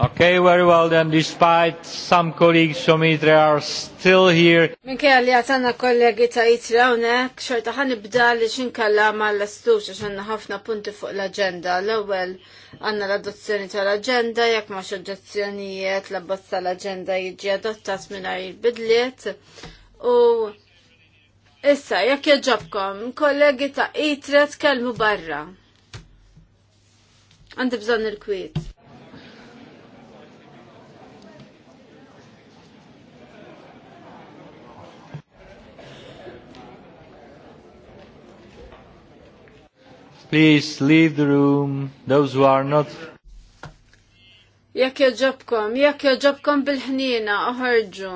Okay, very well then, despite some colleagues from ITRE are still here. Minkejja li għatanna kollegi ta' ITRE għonek, xorta ħan ibda li xinkalla ma' l-astux għaxan ħafna punti fuq l-agenda. L-ewel għanna l-adozzjoni tal-agenda, jekk ma' xoġġazzjonijiet l-abbozza l-agenda jiġi adottat minna il-bidliet. U issa, jekk jġobkom, kollegi ta' ITRE tkellmu barra. Għandi bżon il-kwiet. Please leave the room, those who are not. Jekk joġobkom, jekk joġobkom bil-ħnina, oħorġu.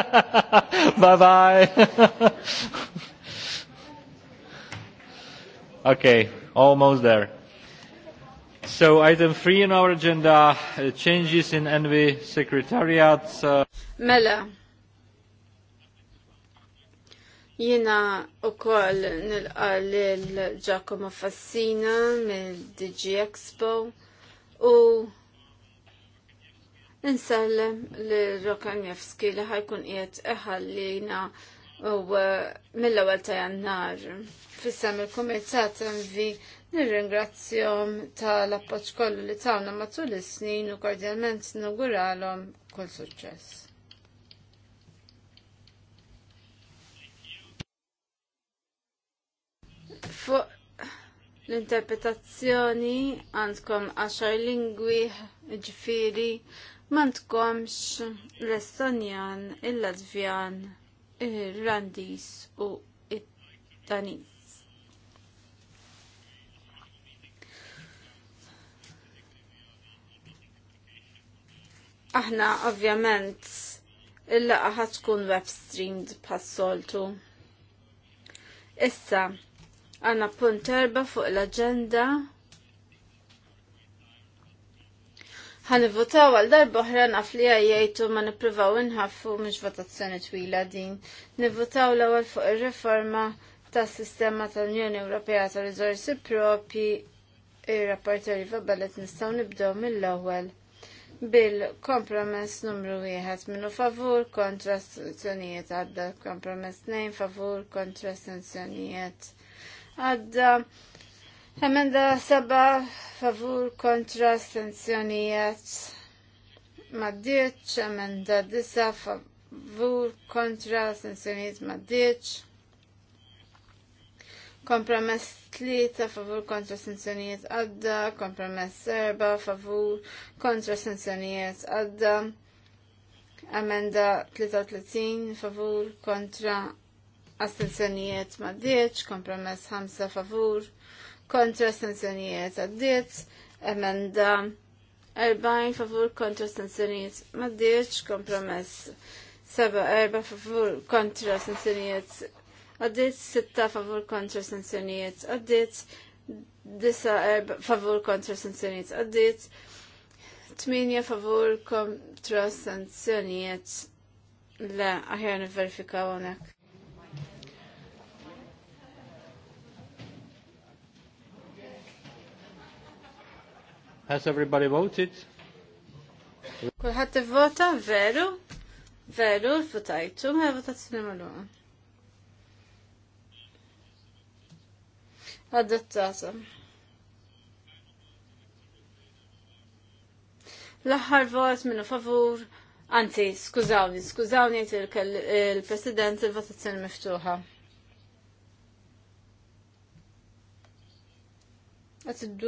bye bye. okay, almost there. So item three in our agenda, uh, changes in NV Secretariat. Uh... Mela. Jena u koll nilqa l-Giacomo Fassina mill-DG Expo u nsellem l-Rokanjevski li ħajkun qiegħed iħallina u uh, mill-ewwel ta' jannar. Fissam il-Kumitat MV nirringrazzjom tal-appoġġ kollu li tawna matul is-snin u kordjalment nuguralhom kull suċċess. Fuq l-interpretazzjoni għandkom 10 lingwi ġifiri mandkomx l-Estonjan, il-Latvjan, il-Randis u il danis aħna ovvjament il-laqa tkun web streamed pas-soltu. Issa, Għanna punt erba fuq l-agenda. votaw għal darba oħra naf li għajjajtu ma nippruvaw inħaffu mħiġ votazzjoni twila din. Nivvotaw l-ewwel fuq ir-riforma tas-sistema tal-Unjoni Ewropea ta' rizorsi propi ir-rapporter Iva Bellet nistgħu nibdew mill-ewwel bil-kompromess numru wieħed minnu favur kontra sanzjonijiet għadda kompromess 2 favur kontra sanzjonijiet għad emenda seba favur kontra sanzjonijiet maddieċ, emenda disa favur kontra sanzjonijiet maddieċ, kompromess Tlita favur kontra sanzjonijiet għadda, kompromess serba favur kontra sanzjonijiet għadda, emenda 33 favur kontra astenzjonijiet maddiċ, kompromess 5 favur, kontra astenzjonijiet għaddiċ, emenda 40 favur kontra astenzjonijiet maddiċ, kompromess 7 4 favur kontra astenzjonijiet għaddiċ, 6 favur kontra astenzjonijiet għaddiċ, 9 favur kontra astenzjonijiet għaddiċ, 8 favur kontra sanzjonijiet. Le, aħjar niverifikaw għonek. Has everybody voted? Kulħadd ivvota veru? Veru l-votajtu ma mela votazzjoni magħluqa. Adottata. L-aħħar vot minnu favur, anzi, skużawni, skużawni il-President il-votazzjoni miftuħa. Għat id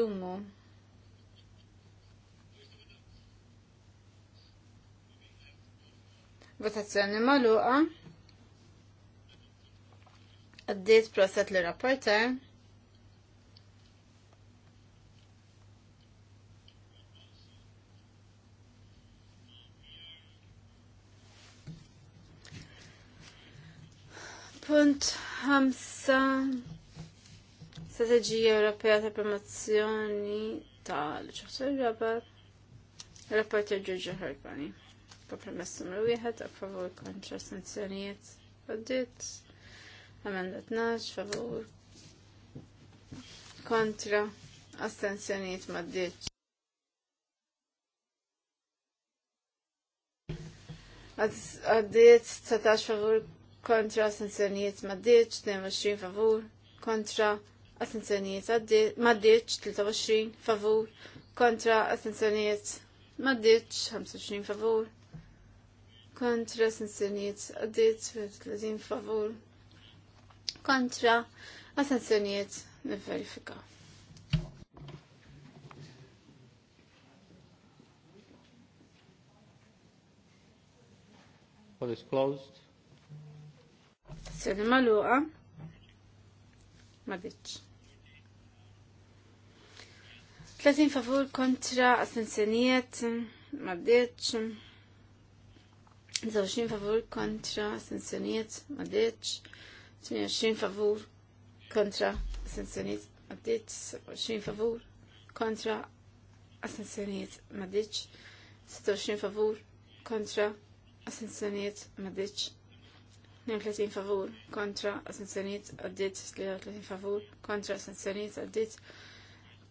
Votazzjoni maluqa. Għaddiet proset li rapporter. Punt 5 Strategija Ewropea ta' Promozzjoni tal-ċaħsar rabar. Rapporter Giorgio Herbani. Kompromess numru 1, a favur kontra sanzjonijiet għaddit. Amenda 12, favur kontra astenzjonijiet maddiċ. Għaddiet 19 favur kontra astenzjonijiet maddiċ, 22 favur kontra astenzjonijiet maddiċ, 23 favur kontra astenzjonijiet maddiċ, 25 favur kontra sanzjonijiet għaddit 30 favur kontra għas sanzjonijiet nivverifika. What is closed? Sena maluqa. Ma ditx. 30 favur kontra astensjonijiet. Ma ditx. 29 favur kontra sanzjoniet maddeċ. 28 favur kontra sanzjoniet maddeċ. 20 favur kontra sanzjoniet maddeċ. 26 favur kontra sanzjoniet maddeċ. 32 favur kontra sanzjoniet għaddit, 33 favur kontra sanzjoniet għaddit,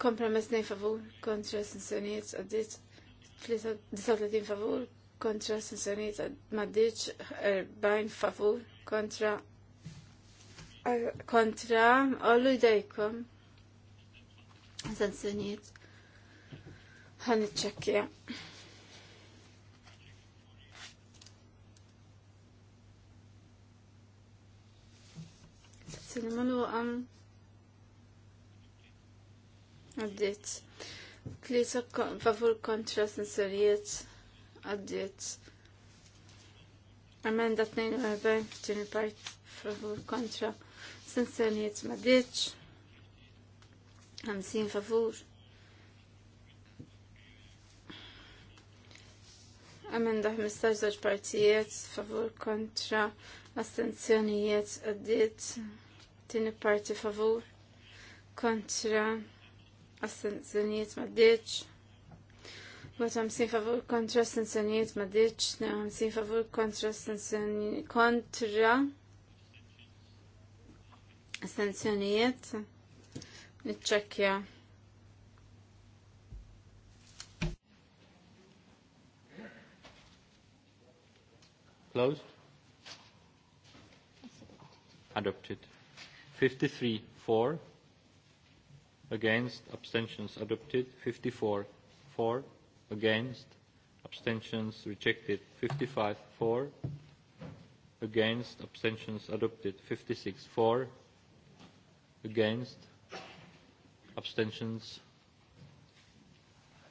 kompromess 2 favur kontra sanzjoniet għaddit, 39 favur kontra sanzjonijiet maddiċ 40 favur kontra er, kontra ollu jdejkom sanzjonijiet ħan iċċekkja. Sinimman għam għaddit. Tlisa favur kontra sanzjonijiet għaddiet. Amenda 42 f'tini pajt favur kontra sensenijiet ma ditx. 50 favur. Amenda 15 żewġ partijiet favur kontra astenzjonijiet għaddiet. Tini parti favur kontra astenzjonijiet ma ditx. Vota 50 favur kontra sanzjonijiet ma diċ, ditx, 50 favur kontra sanzjonijiet kontra sanzjonijiet. Nitċekja. Closed. Adopted. 53 for. Against abstentions adopted. 54 for against, abstentions rejected 55 for, against, abstentions adopted 56 for, against, abstentions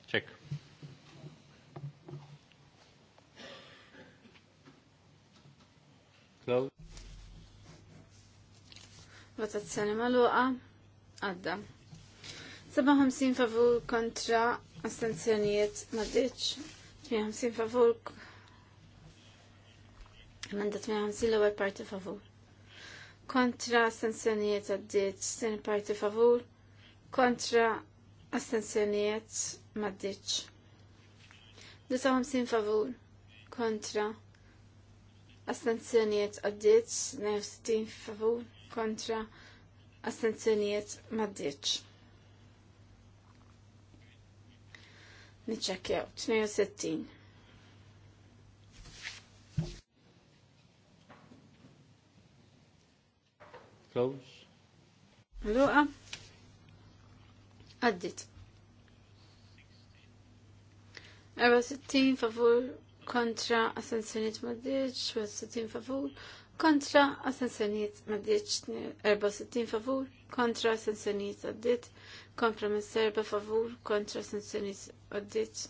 check. Close. Votazzjoni maluqa, għadda. 57 favur kontra Astenzjonijiet maddiċ. 58 favur. Emenda 58 l-ewwel parti favur. Kontra astenzjonijiet għaddiet, tieni parti favur. Kontra astenzjonijiet maddiċ. 59 favur. Kontra astenzjonijiet għaddiet, 69 favur. Kontra astenzjonijiet maddiċ. Niċċekkjaw 62. Close. Luqa. Għaddit. 60 favur kontra assenzjoniet maddiċ, 60 favur kontra assenzjoniet maddiċ, 64 favur kontra assenzjoniet għaddit, Kompromess serba favur kontra oddit. sanzjoniet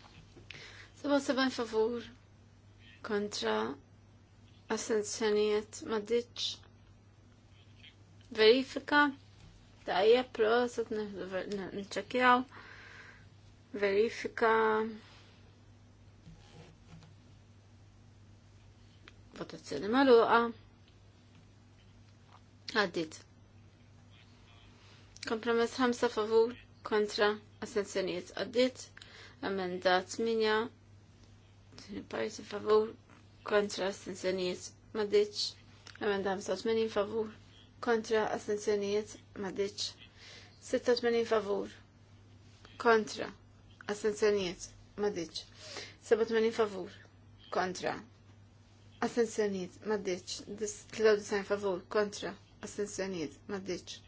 għaddit. 77 favur kontra assenzjoniet maddiċ. Verifika tajja prosot nċekjaw. Verifika votazzjoni maluqa. Addit. Kompromess 5 favur kontra astenzjonijiet għaddit. Emenda 8 tini pajti favur kontra astenzjonijiet maddiċ. Emenda 85 favur kontra astenzjonijiet maddiċ. 86 favur kontra astenzjonijiet maddiċ. 87 favur kontra astenzjonijiet maddiċ. 93 favur kontra astenzjonijiet maddiċ.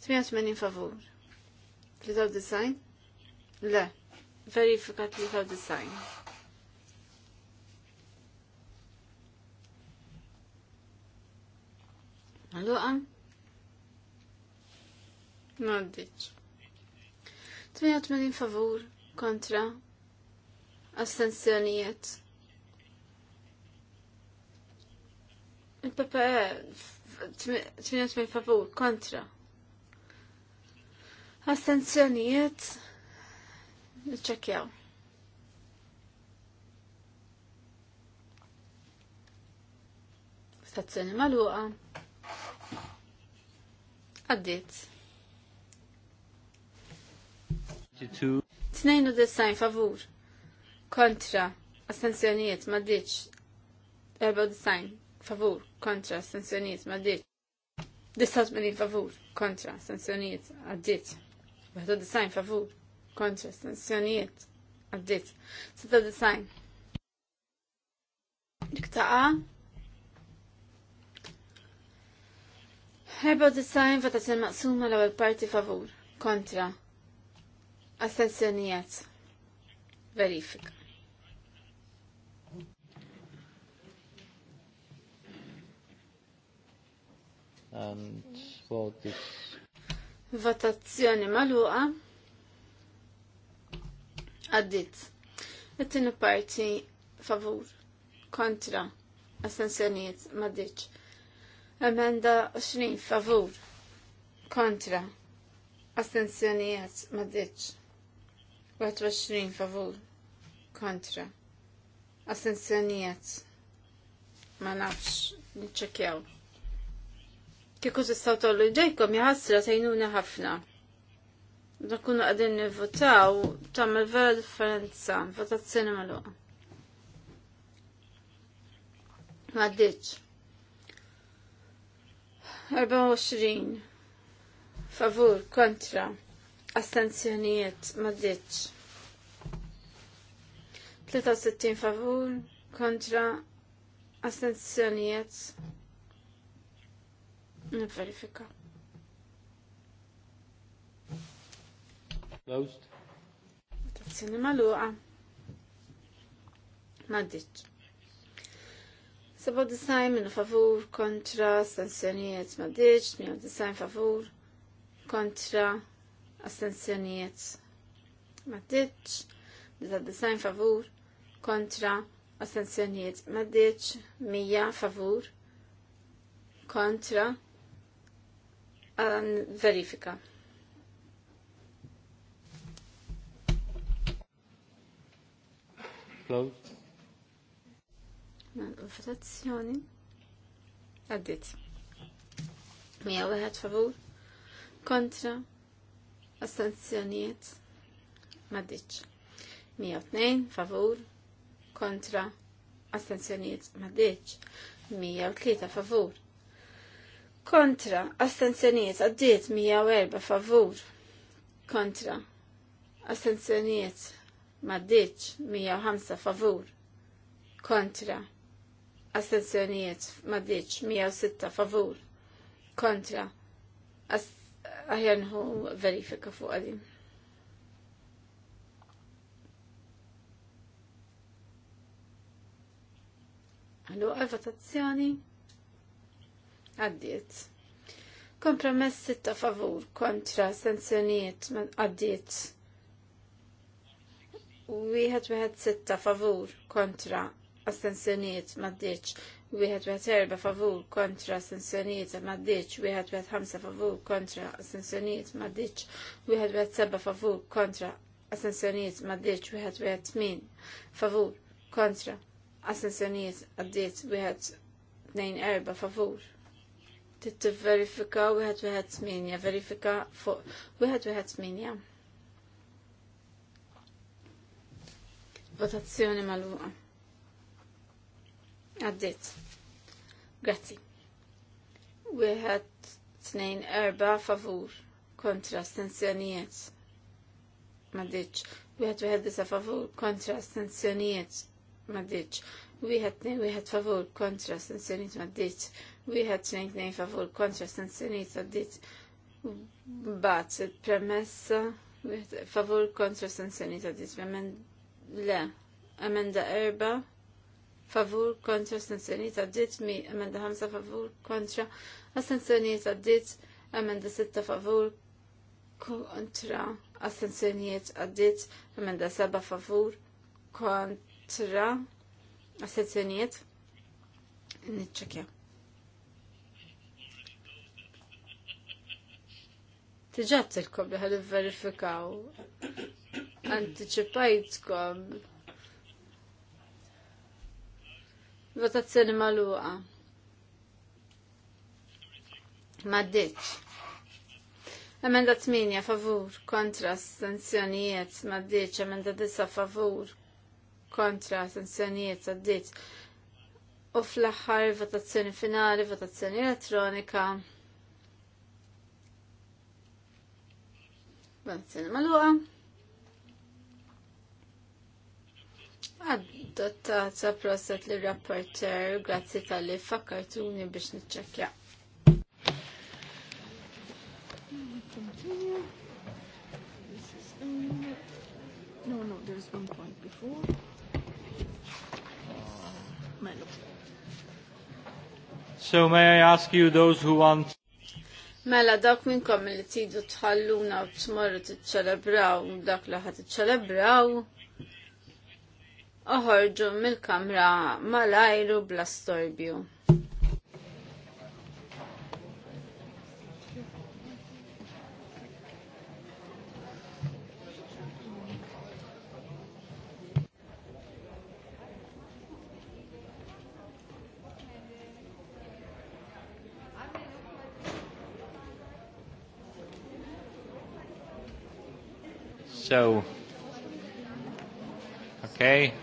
88 favur. design? Le. Verifika design. Allora? Maddiċ. 88 favur kontra astensjonijiet. Il-PPE 88 favur kontra Astenzjonijiet nċekjaw. Stazzjoni maluqa. Għaddit. 92 favur. Kontra. Astenzjonijiet ma ddiċ. 94 favur. Kontra. Astenzjonijiet ma ddiċ. 89 favur. Kontra. Astenzjonijiet għaddit. Waħda design favur kontra astensjonijiet għaddit. Sitta design. Diktaqa. Erba design votazzjoni maqsuma l-ewwel parti favur kontra astensjonijiet. Verifika. and vote is Votazzjoni maluqa. Għaddit. It-tieni parti favur kontra assenzjonijiet maddiċ. Emenda 20 favur kontra assenzjonijiet maddiċ. 21 favur kontra assenzjonijiet ma nafx nċekjaw Kieku istaw tollu ġejkom jħassra sejnuna ħafna. Nakunu għadin nivvotaw tamel vera differenza, votazzjoni maluqa. Maddiċ. 24. Favur, kontra. Astenzjonijiet, maddiċ. 63 favur, kontra. Astenzjonijiet, Nifferifika. Closed. Votazzjoni maluqa. Maddiċ. disajn minu favur kontra astensjonijiet maddiċ, disajn favur kontra astensjonijiet maddiċ, disajn favur kontra astensjonijiet maddiċ, 100 favur kontra Um, verifika. Mela, votazzjoni. Għaddit. Mija wieħed favur. Kontra. Astanzjonijiet. Maddiċ. Mija tnejn favur. Kontra. Astanzjonijiet. Maddiċ. Mija tlieta favur kontra astenzjoniet għaddiet 104 favur kontra astenzjoniet maddiċ 105 favur kontra astenzjoniet maddiċ 106 favur kontra aħjanħu verifika fuq għadim. Għallu votazzjoni għaddiet. Kompromess sitta favur kontra sanzjoniet għaddiet. Wieħed wieħed sitta favur kontra astensjonijiet maddiċ. Wieħed wieħed erba favur kontra astensjonijiet maddiċ. Wieħed wieħed ħamsa favur kontra astensjonijiet maddiċ. Wieħed wieħed seba favur kontra astensjonijiet maddiċ. Wieħed wieħed tmin favur kontra astensjonijiet għaddiet. Wieħed tnejn erba favur titverifika wieħed wieħed sminja, verifika fuq wieħed wieħed sminja. Votazzjoni mal-luqa. Għaddit. Grazzi. Wieħed tnejn erba favur kontra stenzjonijiet. Maddiċ. Wieħed wieħed disa favur kontra stenzjonijiet. Maddiċ wieħed tnejn wieħed favur kontra sanzjoniet għaddit, wieħed tnejn tnejn favur kontra sanzjoniet għaddit, bat il-premessa favur kontra sanzjoniet għaddit, le, emenda erba favur kontra sanzjoniet għaddit, mi emenda ħamsa favur kontra sanzjoniet għaddit, emenda sitta favur kontra sanzjoniet għaddit, emenda seba favur kontra Assenzjonijiet? Nitċekja. Tiġat il-kom li għal verifikaw Anticipajtkom. Votazzjoni maluqa. Maddiċ. Emenda 8 favur kontra sanzjonijiet, maddiċ, emenda 9 favur kontra sanzjonijiet għaddit. U fl-aħħar votazzjoni finali, votazzjoni elettronika. Votazzjoni maluqa. Adottata proset li rapporter, grazzi tal-li fakkartuni biex nitċekja. Um, no, no, there's one point before. So may I ask you those who want Mela dak minkom li tidu tħalluna u tmorru tiċċelebraw dak li ħad tiċċelebraw oħorġu mill-kamra malajru bla storbju. So, okay.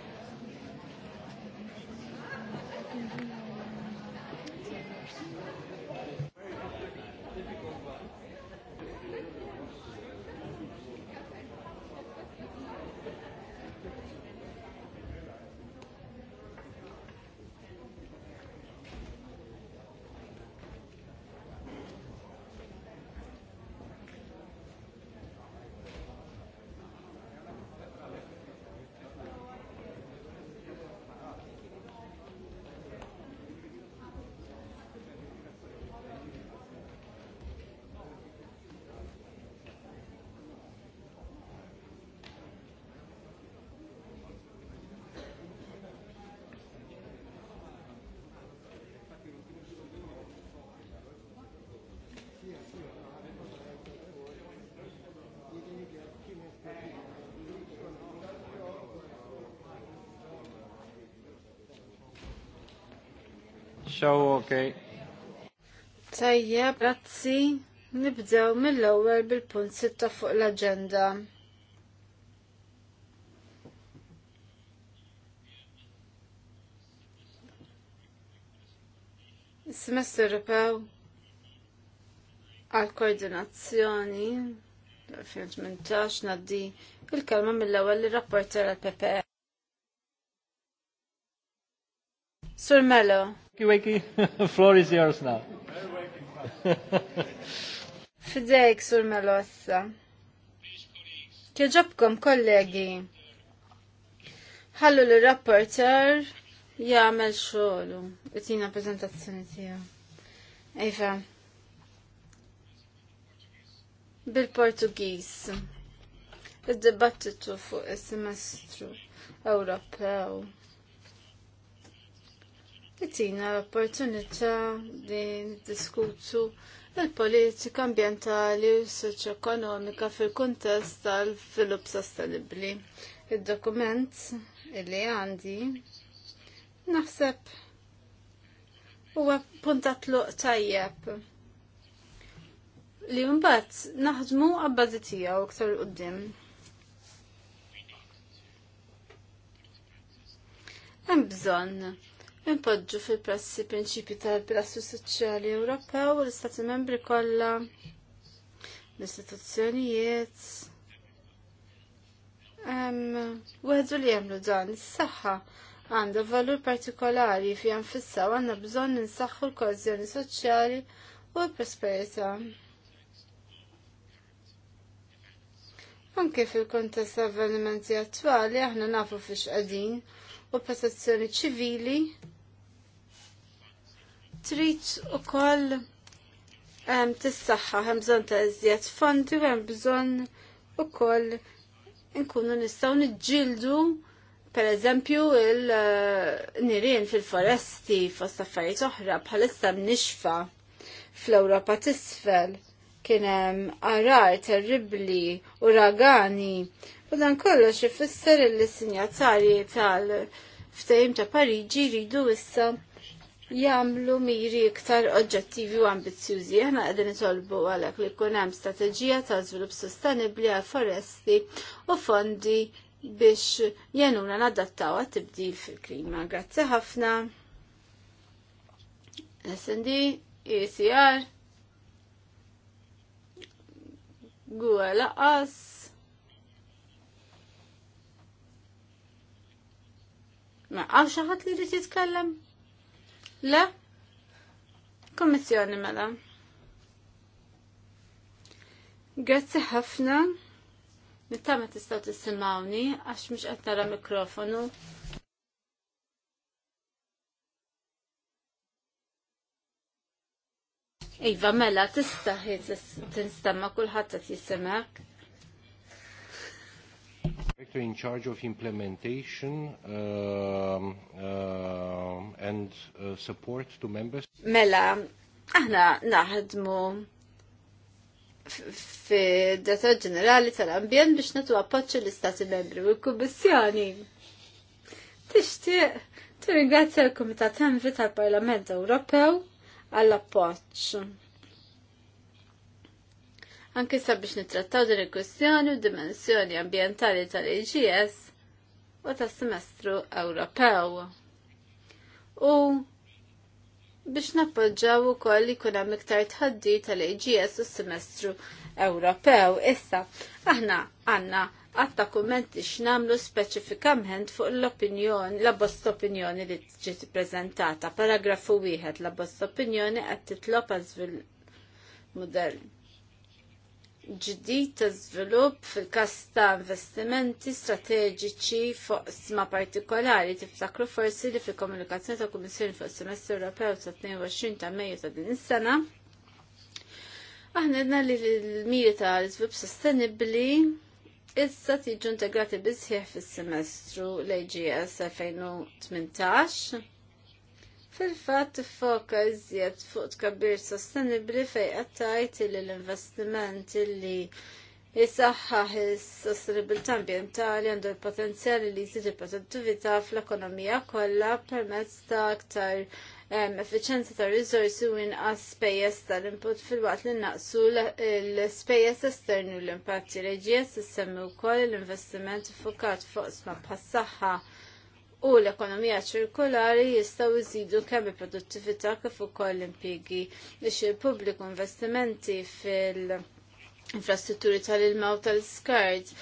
So, okay. Tajjeb, grazzi. Nibdew mill-ewwel bil-punt sitta fuq l-aġenda. Semestru Ewropew għal koordinazzjoni 2018 naddi il-kelma mill-ewwel li rapporter għal PPE. Sur Melo, Wakey, wakey, floor is yours now. Fidejk sur melossa. Kieġobkom kollegi. Ħallu l-rapporter jagħmel xoħlu. Utina prezentazzjoni tiegħu. Ejfa. Iva. bil portugis id debattitu fuq il semestru Ewropew li l-opportunità li diskutsu l politika ambientali u soċ-ekonomika fil-kuntest tal-filup sostenibli. Il-dokument li għandi naħseb huwa puntat luq tajjeb li mbagħad naħdmu għabbażi tiegħu iktar quddiem. Hemm bżonn impoġġu fil-prassi prinċipi tal-pilastru soċjali Ewropew u l-Istati membri kollha l-istituzzjonijiet. Weħdu li jemlu dan, is-saħħa għandha valur partikolari fi għanfissa u għandna bżonn ninsaxħu l kożjoni soċjali u l prosperità Anke fil-kontest avvenimenti attwali aħna nafu fiex qegħdin u protezzjoni ċivili Trid ukoll ehm, tis saxħa hemm bżonn ta' iżjed fondi u hemm bżonn ukoll nkunu nistgħu niġġieldu per eżempju il-nirien eh, fil-foresti fost affarijiet oħra bħalissa mnixfa fl-Ewropa tisfel kien hemm arar terribli, uragani, u dan kollox ifisser li sinjatari tal ftajim ta' Pariġi jridu issa jamlu miri iktar oġġettivi u ambizzjużi. Aħna qegħdin nitolbu għalhekk li jkun hemm strateġija ta' żvilupp sostenibbli għal foresti u fondi biex jenuna nadattaw għat-tibdil fil-klima. Grazzi ħafna. SND, ECR, Gua as. Ma għaw xaħat li rrit jitkellem? Le? Kommissjoni mela. Grazzi ħafna. Nittama tistaw tisimawni għax mhux qed nara mikrofonu. Iva mela tista' tinstemma kulħadd qed jisimak director in charge of implementation uh, uh, and uh, support to members? Mela, aħna naħdmu fi Data Ġenerali tal-Ambjent biex natu appoċċu l-Istati Membri u l-Kummissjoni. Tixtieq tirringrazzja l-Kumitat Envi tal-Parlament Ewropew għall-appoċċ anke sabiex nittrattaw din il-kwistjoni u dimensjoni ambientali tal-AGS u tas-semestru Ewropew. U biex nappoġġaw ukoll jkun hemm iktar tħaddi tal-AGS u s-semestru Ewropew. Issa, aħna għandna għatta kummenti x'namlu speċifikament fuq l-opinjoni, la bost opinjoni li ġiet prezentata. Paragrafu wieħed la bost opinjoni qed titlob għażvil modell ġdid ta' żvilupp fil-kas ta' investimenti strateġiċi fuq sma partikolari tiftakru forsi li fil-komunikazzjoni ta' Kummissjoni fuq semestru Ewropew ta' 22 ta' Mejju ta' din is-sena. Aħna għedna li l-miri ta' l sostenibbli sostenibli issa tiġu integrati bisħieħ fis-semestru l-AGS 2018 Fil-fat tiffoka iżjed fuq tkabbir sostenibli fej għattajt l-investiment li jisaxħaħ il-sostenibilità ambientali għandu l-potenzjali li jizid il-produttività fl-ekonomija kollha permezz ta' aktar efficienza ta' rizorsi u inqas spejjeż tal-input fil-waqt li naqsu l-spejjeż esternu l-impatti reġijiet issemmi wkoll l-investiment fukat fuq sma bħas-saħħa u l-ekonomija ċirkolari jistgħu jżidu kemm il-produttività kif ukoll l-impjiegi biex il-pubbliku investimenti fil-infrastrutturi tal-ilma u tal-skart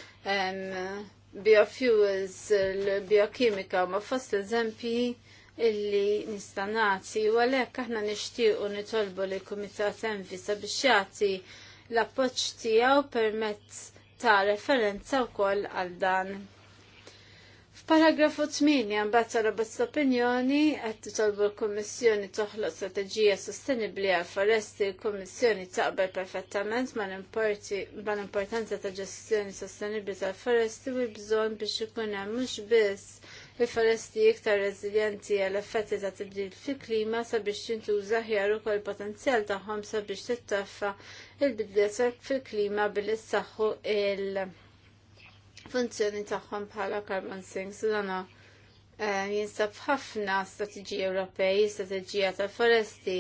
biofuels, l-biokimika ma fost eżempji illi nistanati u għalhekk aħna nixtiequ nitolbu li kumitat Envi sabiex jagħti l-appoġġ tiegħu permezz ta' referenza wkoll għal dan F'paragrafu 8 mbagħad sara bozz opinjoni qed titolbu l-Kummissjoni toħloq strateġija sostenibbli għal foresti l-Kummissjoni taqbel perfettament mal-importanza ta' ġestjoni sostenibbli tal-foresti u bżonn biex ikun hemm mhux biss il-foresti iktar reżiljenti għal effetti ta' tibdil fil-klima sabiex jintuża ħjar ukoll potenzjal tagħhom sabiex tittaffa il-bidliet fil-klima bil saħħu il-, -il funzjoni tagħhom bħala carbon sinks u dana eh, jinsab ħafna strateġija Ewropej, strateġija tal-foresti,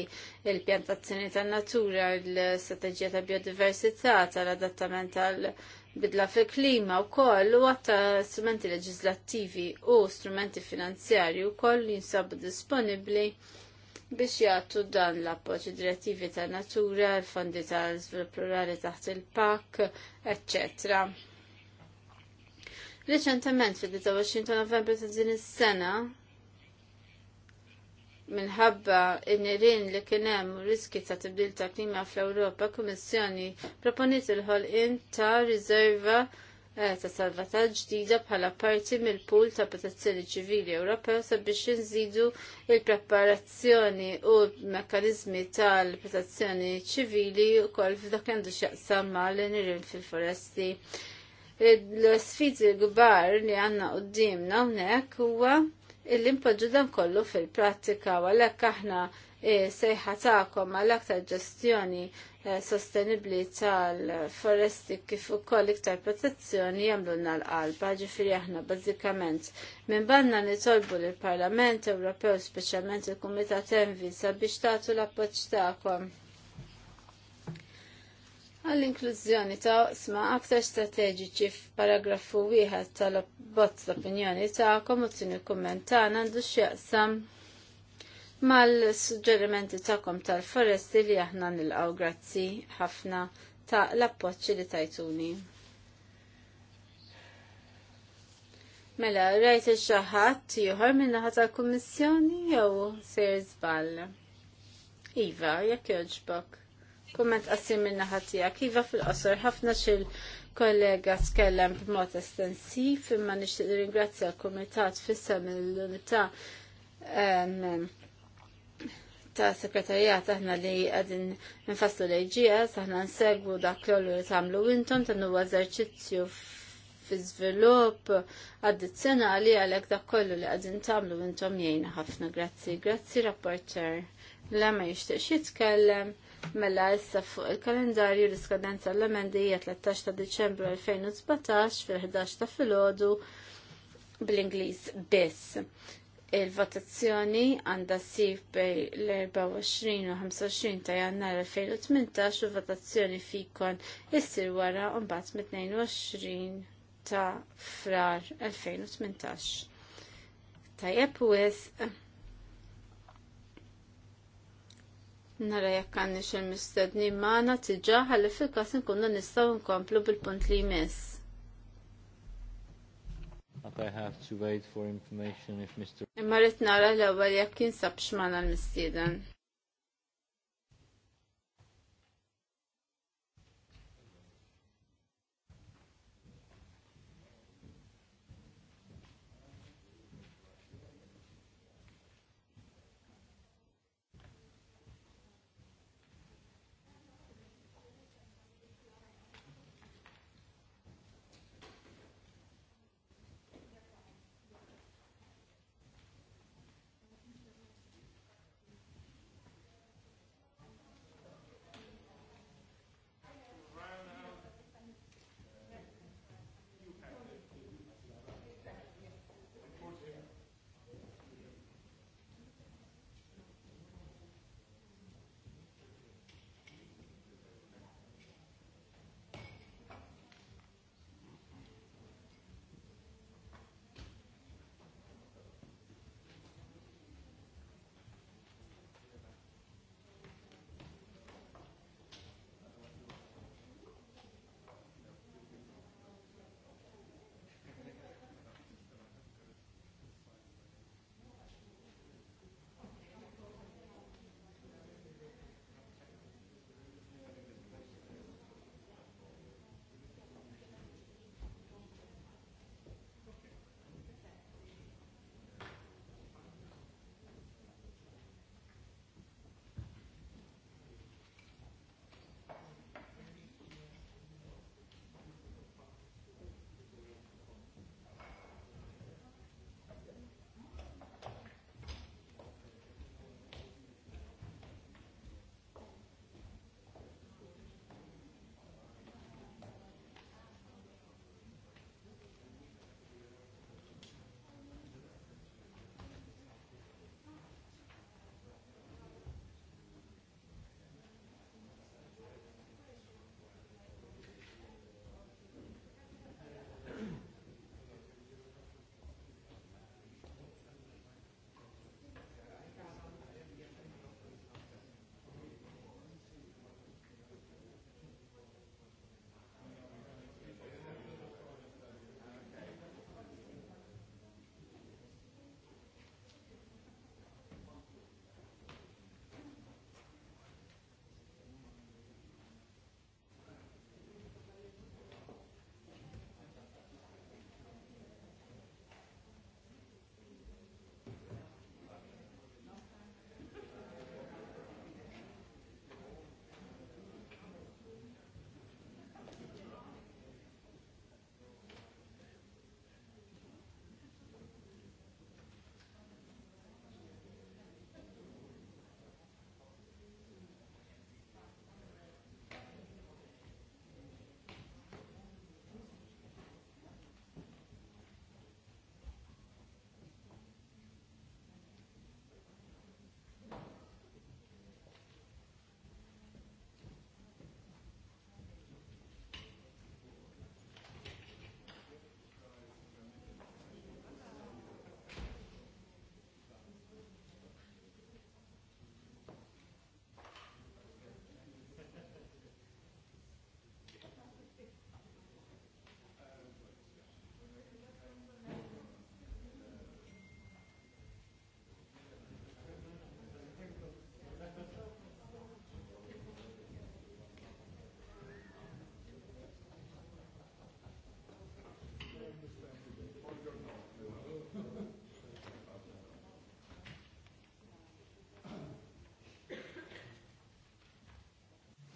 il-pjantazzjoni tan-natura, il-strateġija ta' biodiversità tal-adattament tal-bidla fil-klima u koll u għatta strumenti leġislattivi u strumenti finanzjari u koll jinsabu disponibli biex jgħattu dan l-appoċ direttivi ta' natura il-fondi tal-svilupp rurali taħt il-pak, eccetera. Reċentement fil-23 ta' novembru ta' din is-sena minħabba n nirien li kien hemm riski ta' tibdil ta' klima fl-Ewropa, Kummissjoni proponiet il-ħolqien ta' riserva eh, ta' salvataġġ ġdida bħala parti mill-pool ta' protezzjoni ċivili Ewropew sabiex inżidu il-preparazzjoni u l-mekkaniżmi tal-protezzjoni ċivili wkoll f'dak għandu x'jaqsam mal-nirin fil-foresti l-sfidi gbar li għanna qoddimna unnek huwa l-impoġu dan kollu fil-prattika u għalhekk aħna e, sejħa tagħkom għalek aktar ġestjoni e, sostenibbli tal-foresti kif ukoll iktar protezzjoni jagħmlulna l-qalba, ġifieri aħna bażikament minn banna nitolbu lill-Parlament Ewropew speċjalment il-Kumitat Envi sabiex tagħtu l-appoġġ tagħkom għall-inklużjoni ta' sma aktar strateġiċi f'paragrafu wieħed tal-bozz l-opinjoni tagħkom u kummentan għandu x'jaqsam mal-suġġerimenti tagħkom tal-foresti li aħna nilqgħu grazzi ħafna ta' l-appoġġ li tajtuni. Mela, rajt il-xaħat juħor minnaħat tal-Kummissjoni jew sejr żball. Iva, jekk joġbok. Komment qasir minna ħatija, kiva fil-qosor, ħafna xil kollega skellem b'mod estensiv, imma nixtieq ringrazzja l-Kumitat fissem l-Unità ta' sekretarijat aħna li għadin nfasslu l ġijas aħna nsegwu dak l li tagħmlu intom tannu eżerċizzju fi żvilupp addizzjonali għalhekk dak kollu li qegħdin tagħmlu intom jgħinna ħafna. Grazzi, grazzi rapporter. La jixtieq jixtieqx jitkellem. Mela issa fuq il-kalendarju l-iskadenza l-emendi hija 13 ta' Diċembru 2017 fil-11 ta' filgħodu bl-Ingliż biss. Il-votazzjoni għandha ssir bej l-24 u 25 ta' Jannar 2018 u votazzjoni fikon issir wara u mbagħad mit-22 ta' Frar 2018. Tajjeb wisq. Nara jekk għandix il-mistedni magħna tiġà ħalli fil-każ nkunu nistgħu nkomplu bil-punt li jmiss. I have to wait for information if Mr. Imma rrit nara l-ewwel jekk jinsab x'mana l-mistieden.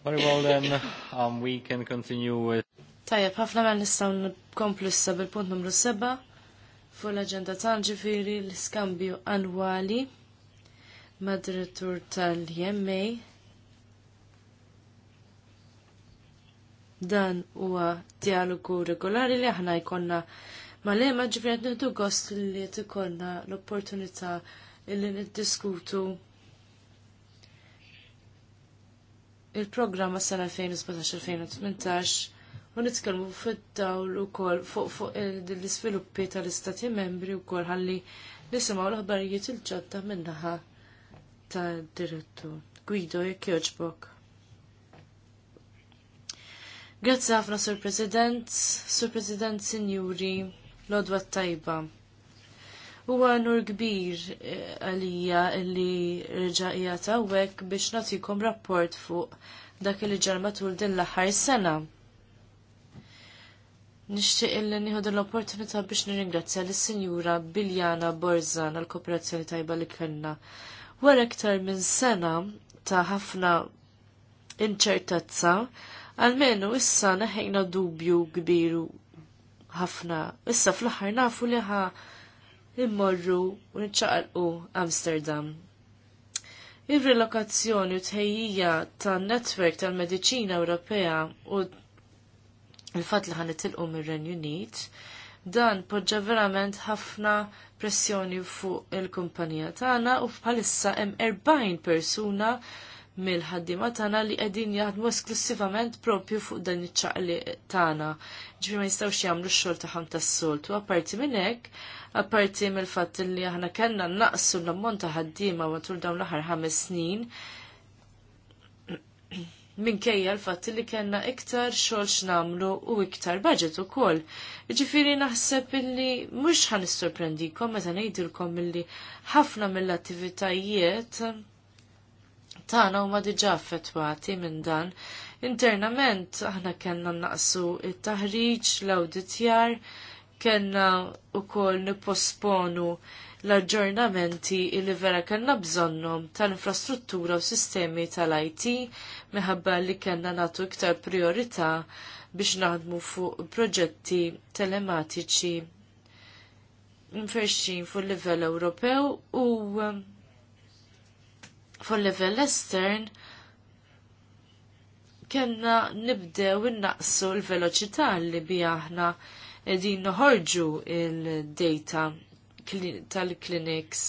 Very well then, um, we can continue with... Tajab, ħafna għal nistaw nkomplu sab il punt numru 7 fuq l-agenda tan ġifiri l-skambju annwali mad direttur tal-JMA. Dan huwa dialogu regolari li aħna jkonna ma lema ġifiri għed gost li tikonna l-opportunità li niddiskutu diskutu il-programma s-sena 2017-2018 u nitkellmu fid-dawl ukoll fuq fuq l-iżviluppi tal-istati membri wkoll ħalli nisimaw l ħbarijiet il-ġodda minnaħa tad dirittu Guido jekk jogħġbok. Grazzi ħafna Sur President, Sur President Sinjuri, Lodwa Tajba. Huwa nur kbir eh, għalija li rġaqija tawwek biex natikom rapport fuq dak li ġar matul din l-aħħar sena. Nixtieq illi nieħu din l-opportunità biex nirringrazzja lis-Sinjura Biljana Borzan għall kooperazzjoni tajba li kellna. Wara ktar minn sena ta' ħafna inċertezza, għalmenu issa neħejna dubju kbiru ħafna. Issa fl-aħħar nafu li ħa immorru u nċaqalqu Amsterdam. Ir-relokazzjoni u tħejjija tan-netwerk tal-Mediċina Ewropea u il-fatt li ħanitilqu mir-Renju Unit, dan poġġa verament ħafna pressjoni fuq il-kumpanija tagħna u bħalissa hemm 40 persuna mill ħaddiema tagħna li qegħdin jaħdmu esklusivament propju fuq dan iċ-ċaqli tagħna ġifri ma jistawx jagħmlu x-xogħol tagħhom tas soltu apparti minn hekk, apparti mill-fatt li aħna kellna naqsu l-ammont ta' ħaddiema matul dawn l-aħħar ħames snin, minkejja l-fatt li kellna iktar xogħol x'namlu u iktar budget ukoll. Ġifieri naħseb illi mhux ħan nissorprendikom meta ngħidilkom illi ħafna mill-attivitajiet tagħna huma diġà affettwati minn dan Internament aħna kellna naqsu it-taħriġ, l-awditjar, kellna wkoll nipposponu l-aġġornamenti li vera kellna bżonnhom tal-infrastruttura u sistemi tal-IT minħabba li kellna nagħtu iktar priorità biex naħdmu fuq proġetti telematiċi mferxin fuq livell Ewropew u um, fuq livell estern kellna nibdew innaqsu l-veloċità li bija aħna qegħdin noħorġu il-data tal-clinics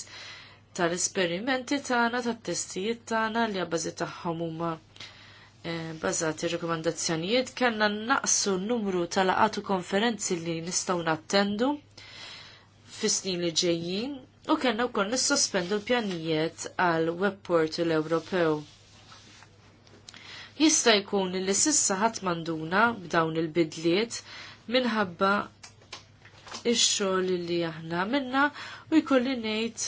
tal-esperimenti tagħna tat-testijiet tagħna li għabbażi tagħhom huma eh, bażati rekomandazzjonijiet kellna naqsu n-numru tal-laqatu konferenzi li nistgħu nattendu fi snin li ġejjin u kellna wkoll nissospendu l-pjanijiet għal web portal Ewropew. Jista' jkun li sissa ħadd manduna b'dawn il-bidliet minħabba ix-xogħol li aħna minna u jkolli ngħid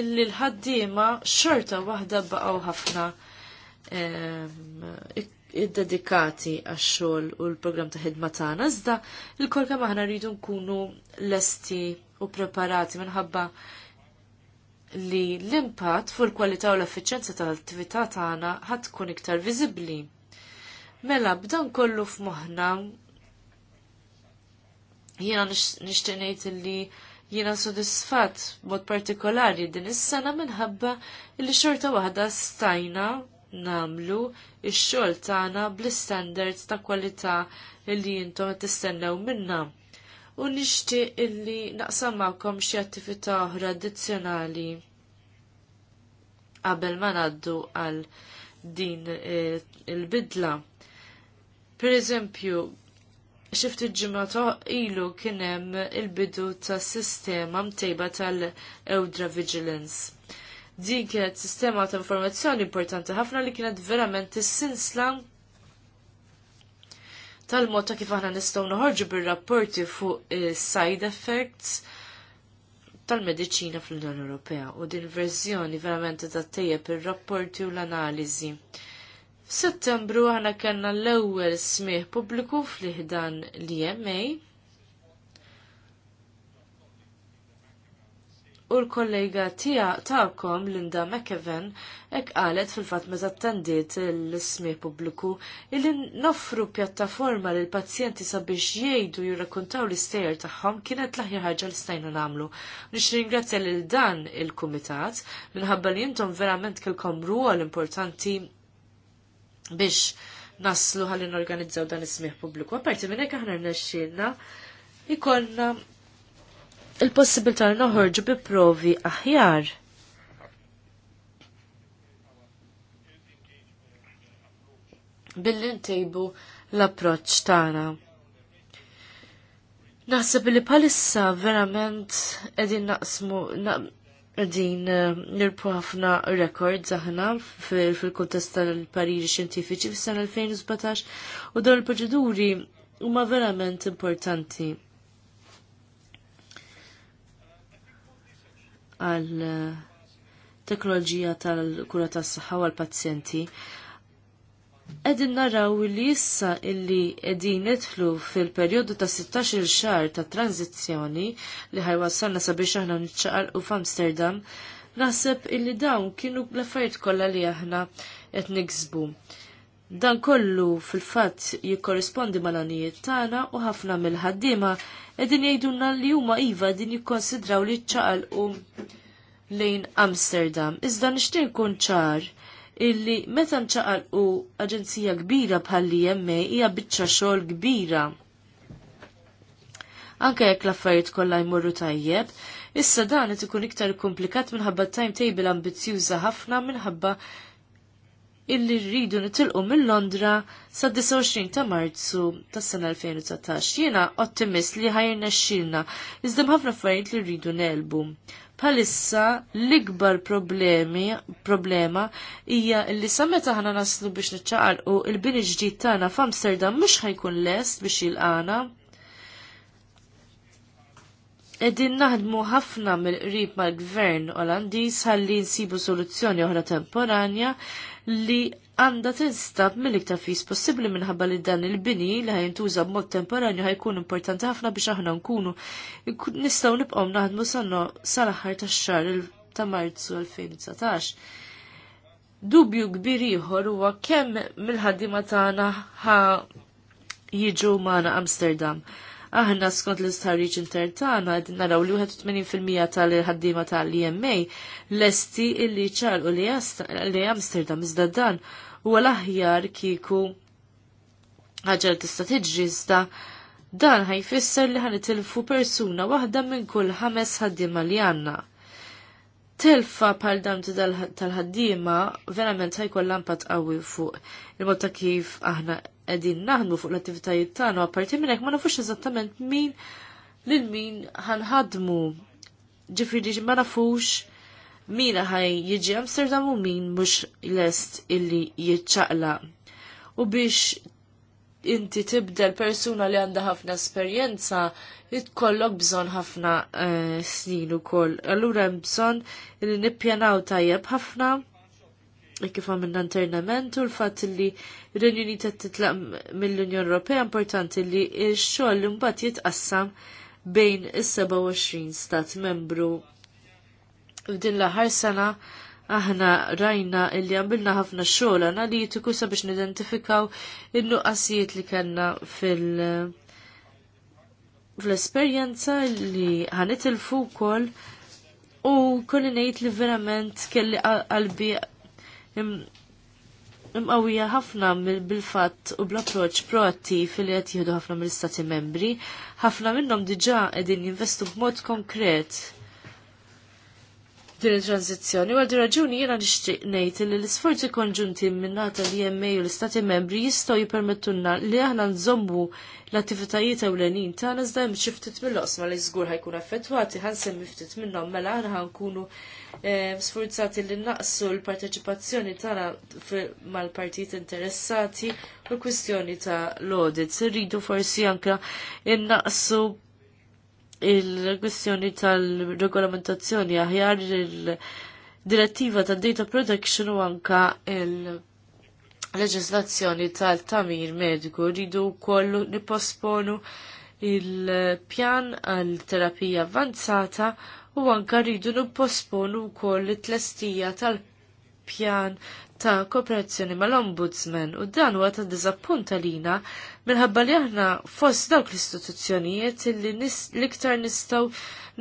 illi l-ħaddiema xorta waħda baqgħu ħafna id-dedikati għax-xogħol u l-programm ta' ħidma tagħna iżda l-kolkemm aħna rridu nkunu lesti u preparati minħabba li l-impatt fuq il-kwalità u l-effiċenza tal-attività tagħna ħadd tkun iktar viżibbli. Mela b'dan kollu f'moħħna jiena nixtieq ngħid li jiena sodisfatt b'mod partikolari din is-sena minħabba li xorta waħda stajna namlu ix-xogħol tagħna bl-istandards ta' kwalità li jintom qed tistennew minnha u nixtieq illi naqsam xie xi attività oħra addizzjonali qabel ma ngħaddu għal din e, il-bidla. Per eżempju, xift il-ġimgħa ilu kien hemm il-bidu ta' sistema mtejba tal-Eudra Vigilance. Din kienet sistema ta' informazzjoni importanti ħafna li kienet verament is-sinslan tal-mod ta' kif aħna nistgħu noħorġu bir-rapporti fuq side effects tal-mediċina fl-Unjoni Ewropea u din verżjoni verament ta' tejjeb ir-rapporti u l-analiżi. F'Settembru aħna kellna l-ewwel smih pubbliku fl-ħdan l-EMA u l-kollega tija ta'kom Linda McEwen ek qalet fil-fat meta attendiet l-ismi pubbliku illi noffru pjattaforma lil pazjenti sabiex jgħidu jirrakuntaw l-istejjer tagħhom kienet l-aħjar ħaġa stajna nagħmlu. Nix ringrazzja lil dan il-kumitat minħabba li jintom verament kelkom ruol importanti biex naslu ħalli norganizzaw dan is-smieħ pubbliku. Apparti minn aħna rnexxielna ikollna il-possibilità li noħorġu bi provi aħjar. Billi ntejbu l-approċ tagħna. Naħseb li palissa verament edin naqsmu qegħdin eh, nirpu ħafna rekords aħna fil kontesta tal-pariri xjentifiċi fis-sena 2017 u dawn il-proċeduri huma verament importanti. għal eh, teknoloġija tal-kura tas-saħħa għal pazjenti. Edin naraw li issa illi edin nidħlu fil-periodu ta' 16 xar ta' tranzizjoni li ħajwassalna sabiex aħna nitċaqal u f'Amsterdam, naħseb illi dawn kienu l-affarijiet kollha li aħna qed niksbu. Dan kollu fil-fatt jikkorrispondi mal-għanijiet tagħna u ħafna mill-ħaddiema qegħdin jgħidulna li huma iva din jikkonsidraw li u lejn Amsterdam. Iżda nixtieq nkun ċar illi meta nċaqalqu aġenzija kbira bħalli jemme hija biċċa xogħol kbira. Anke jekk l-affarijiet kollha jmorru tajjeb, issa dan qed ikun iktar komplikat minħabba timetable ambizzjuża ħafna minħabba illi rridu nitilqu minn Londra sa' 29 ta' Marzu tas sena 2019. Jiena ottimist li ħajrna xilna, izdem ħafna affarijiet li rridu nelbu. Bħalissa l-ikbar problemi problema hija li sa meta ħana naslu biex niċċaqalqu il-bini ġdid tagħna f'Amsterdam mhux ħajkun lest biex jilqana. Eddin naħdmu ħafna mill-qrib mal-gvern Olandiż ħalli nsibu soluzzjoni oħra temporanja li għanda tinstab mill-iktar fis possibli minħabba li dan il-bini li ħajn tuża b'mod temporanju ħajkun importanti ħafna biex aħna nkunu nistgħu nibqgħu naħdmu sanno sal-aħħar tax-xahar ta' Marzu 2019. Dubju kbir ieħor huwa kemm mill-ħaddiema tagħna ħa jiġu magħna Amsterdam. Aħna skont l-istħarriġ intern tagħna naraw li 81% tal-ħaddiema tal-EMA lesti illi ċarqu li Amsterdam iżda dan huwa l-aħjar kieku ħaġa tista' tiġri iżda dan ħajfisser li ħanitilfu persuna waħda minn kull ħames ħaddiema li għandna telfa pal dam tal-ħaddima verament ħajkoll impatt qawwi fuq il-mod ta' kif aħna qegħdin naħnu fuq l-attivitajiet tagħna u apparti minn hekk ma nafux eżattament min lil min ħanħadmu. Ġifieri ma nafux min ħaj jiġi Amsterdam u min mhux lest illi jiċċaqla. U biex inti tibdel persuna li għandha ħafna esperjenza, jitkollok bżon ħafna uh, snin u koll. Allura bżon li nippjanaw tajjeb ħafna, kif għamilna internament u l-fat li r-Unjoni ta' titlaq mill-Unjoni Ewropea importanti li x-xogħol li mbagħad jitqassam bejn is-27 stat membru. F'din l-aħħar sena aħna rajna illi għamilna ħafna xogħol analitiku sabiex nidentifikaw in-nuqqasijiet li kellna fil- fl-esperjenza li ħanitilfu wkoll u kolli ngħid li verament kelli qalbi imqawija ħafna bil-fatt u bl-approċ proattiv li qed jieħdu ħafna mill-istati membri, ħafna minnhom diġà qegħdin jinvestu b'mod konkret din il-tranzizjoni. Għaddi raġuni jena nishtiq nejt li l-isforzi konġunti minnata li jemmej u l-istati membri jistaw jipermettunna li aħna nżommu l-attivitajiet ewlenin ta' nazda jem xiftit mill ma li zgur ħajkun effettwati ħansem miftit minnom mela aħna kunu eh, sforzati li naqsu l-parteċipazzjoni tana mal-partijiet interessati u l-kwistjoni ta' l-audit. Rridu forsi anka innaqsu il-kwestjoni tal-regolamentazzjoni aħjar il-direttiva tad-data protection u anka il- leġislazzjoni tal-tamir mediku ridu kollu niposponu il-pjan għal terapija avvanzata u anka rridu nipposponu wkoll it-tlestija tal-pjan ta' kooperazzjoni mal-ombudsman u dan huwa ta' diżappunta lina minħabba li aħna fost dawk l-istituzzjonijiet li l-iktar nistaw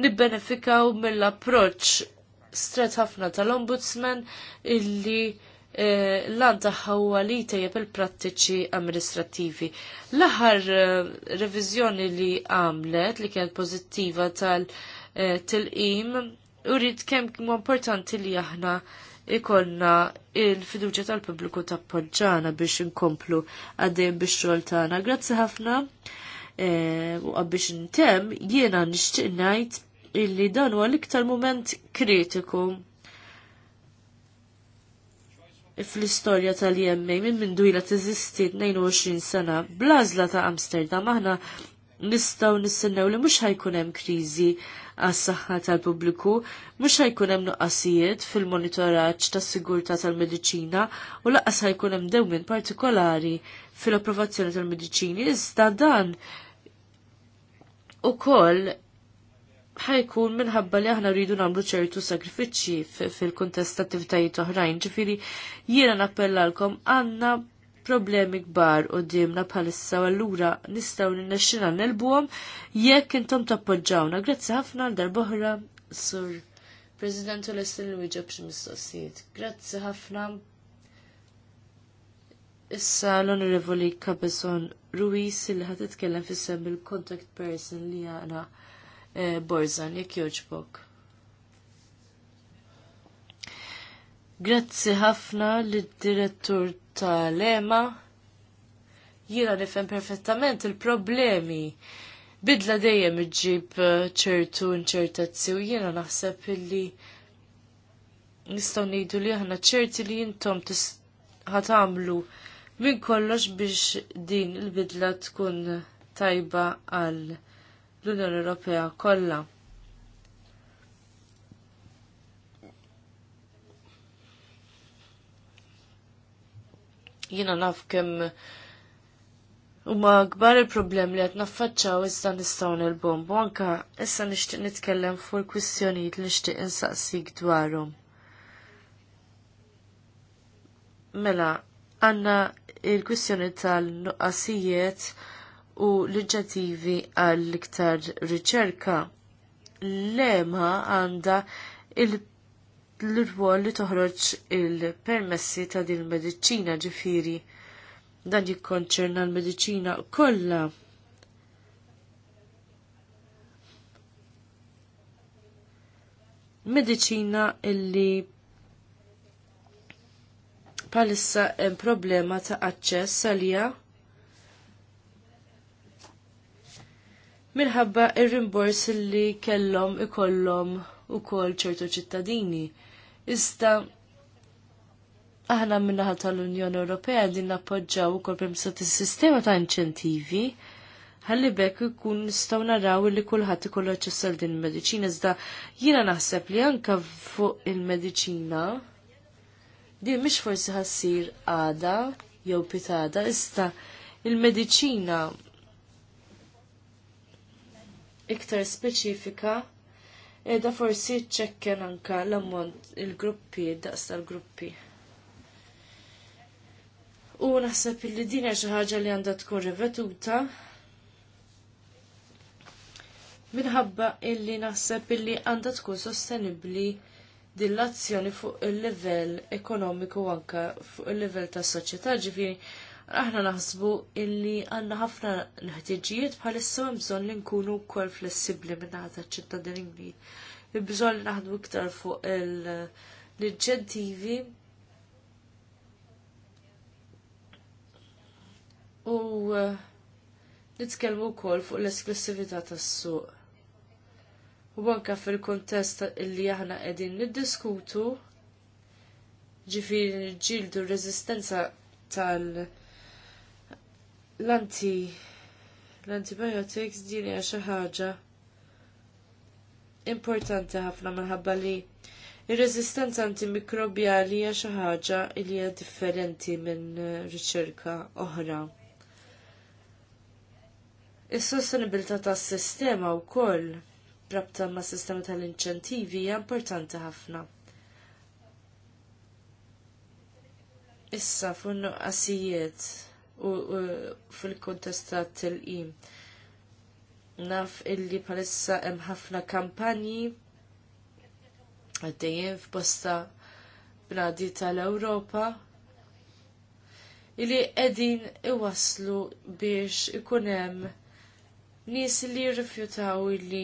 nibbenefikaw mill-approċ stret ħafna tal-ombudsman illi eh, lan taħħawa li tejjeb il-prattiċi amministrativi. L-aħħar eh, revizjoni li għamlet li kienet pozittiva tal-tilqim eh, urid kemm importanti li aħna ikonna il-fiduċa tal-pubbliku tappoġġana biex inkomplu għaddejn biex xogħol tagħna. Grazzi ħafna e, u għabbiex intemm jiena nixtieq ngħid illi dan huwa l-iktar moment kritiku fl-istorja tal-jemmej minn mindu ila teżisti 22 sena blażla ta' Amsterdam aħna nistaw nistennew li mhux ħajkun hemm kriżi għas-saħħa tal-pubbliku, mhux ħajkun hemm nuqqasijiet fil-monitoraġġ tas-sigurtà tal-mediċina u laqas ħajkun hemm dewmin partikolari fil-approvazzjoni tal-mediċini, iżda dan ukoll ħajkun minħabba li aħna rridu nagħmlu ċertu sagrifiċċji fil-kuntest attivitajiet oħrajn, ġifiri jiena nappellalkom għandna problemi kbar u dimna bħalissa u allura nistaw ninnexxina nelbuhom jekk intom tappoġġawna. Grazzi ħafna għal darboħra sur President u l-Estin Luigi b'xi mistoqsijiet. Grazzi ħafna. Issa l-Onorevoli Kabeson Ruiz li ħat itkellem fis-sem il-contact person li għana eh, Borzan, jekk joġbok. Grazzi ħafna l-direttur tal-ema jiena nifhem perfettament il-problemi. Bidla dejjem iġib eh, ċertu inċertezzi u jiena naħseb illi nistgħu ngħidu li aħna ċerti li intom ħatamlu minn kollox biex din il-bidla tkun tajba għal l-Unjoni Ewropea kollha. Jiena naf kemm huma kbar il-problem li qed naffaċċaw issa nistgħu nelbombu anka issa nixtieq nitkellem fuq il-kwistjonijiet li nixtieq insaqsik dwarhom. Mela, għandna il-kwistjoni tal-nuqqasijiet u l-inġattivi għall-iktar riċerka. Lema għanda il- l-rwol li toħroġ il-permessi ta' din il-medicina ġifiri dan jikkonċerna l-medicina kollha. Medicina illi palissa hemm problema ta' aċċess għalija minħabba ir-rimbors illi kellhom ikollhom ukoll ċertu ċittadini. Iżda aħna minnaħa tal-Unjoni Ewropea din nappoġġaw ukoll permessa tis-sistema ta' inċentivi ħalli bekk ikun nistgħu naraw li kulħadd ikollu aċċess għal din il-mediċina iżda jiena naħseb li anke fuq il-mediċina din mhix forsi ħassir għada jew pitada iżda il-mediċina iktar speċifika da forsi ċekken anka l-ammont il-gruppi, daqs tal-gruppi. U naħseb li din xi ħaġa li għandha tkun rivetuta minħabba illi naħseb illi għandha tkun sostenibbli din l-azzjoni fuq il-livell ekonomiku anka fuq il-livell tas soċjetà ġifieri aħna naħsbu illi għanna ħafna l-ħtiġijiet bħalissa hemm bżonn li nkunu wkoll flessibbli minn ħadd ċittadini. Bżonn li naħdmu iktar fuq l-inċentivi u eh, nitkellmu wkoll fuq l-esklusività tas-suq. U anke fil-kontest illi aħna qegħdin niddiskutu ġifieri ġildu r-reżistenza tal- l-anti l-antibiotics din hija xi ħaġa importanti ħafna minħabba li Ir-reżistenza antimikrobjali hija xi ħaġa li hija differenti minn riċerka oħra. Is-sostenibilità tas-sistema wkoll rabta ma' sistema tal-inċentivi hija importanti ħafna. Issa fun nuqqasijiet u fil-kontestat til im Naf illi palissa hemm ħafna kampanji għaddejjin f'bosta bladi tal-Ewropa illi qegħdin iwaslu biex ikun hemm nies li jirrifjutaw li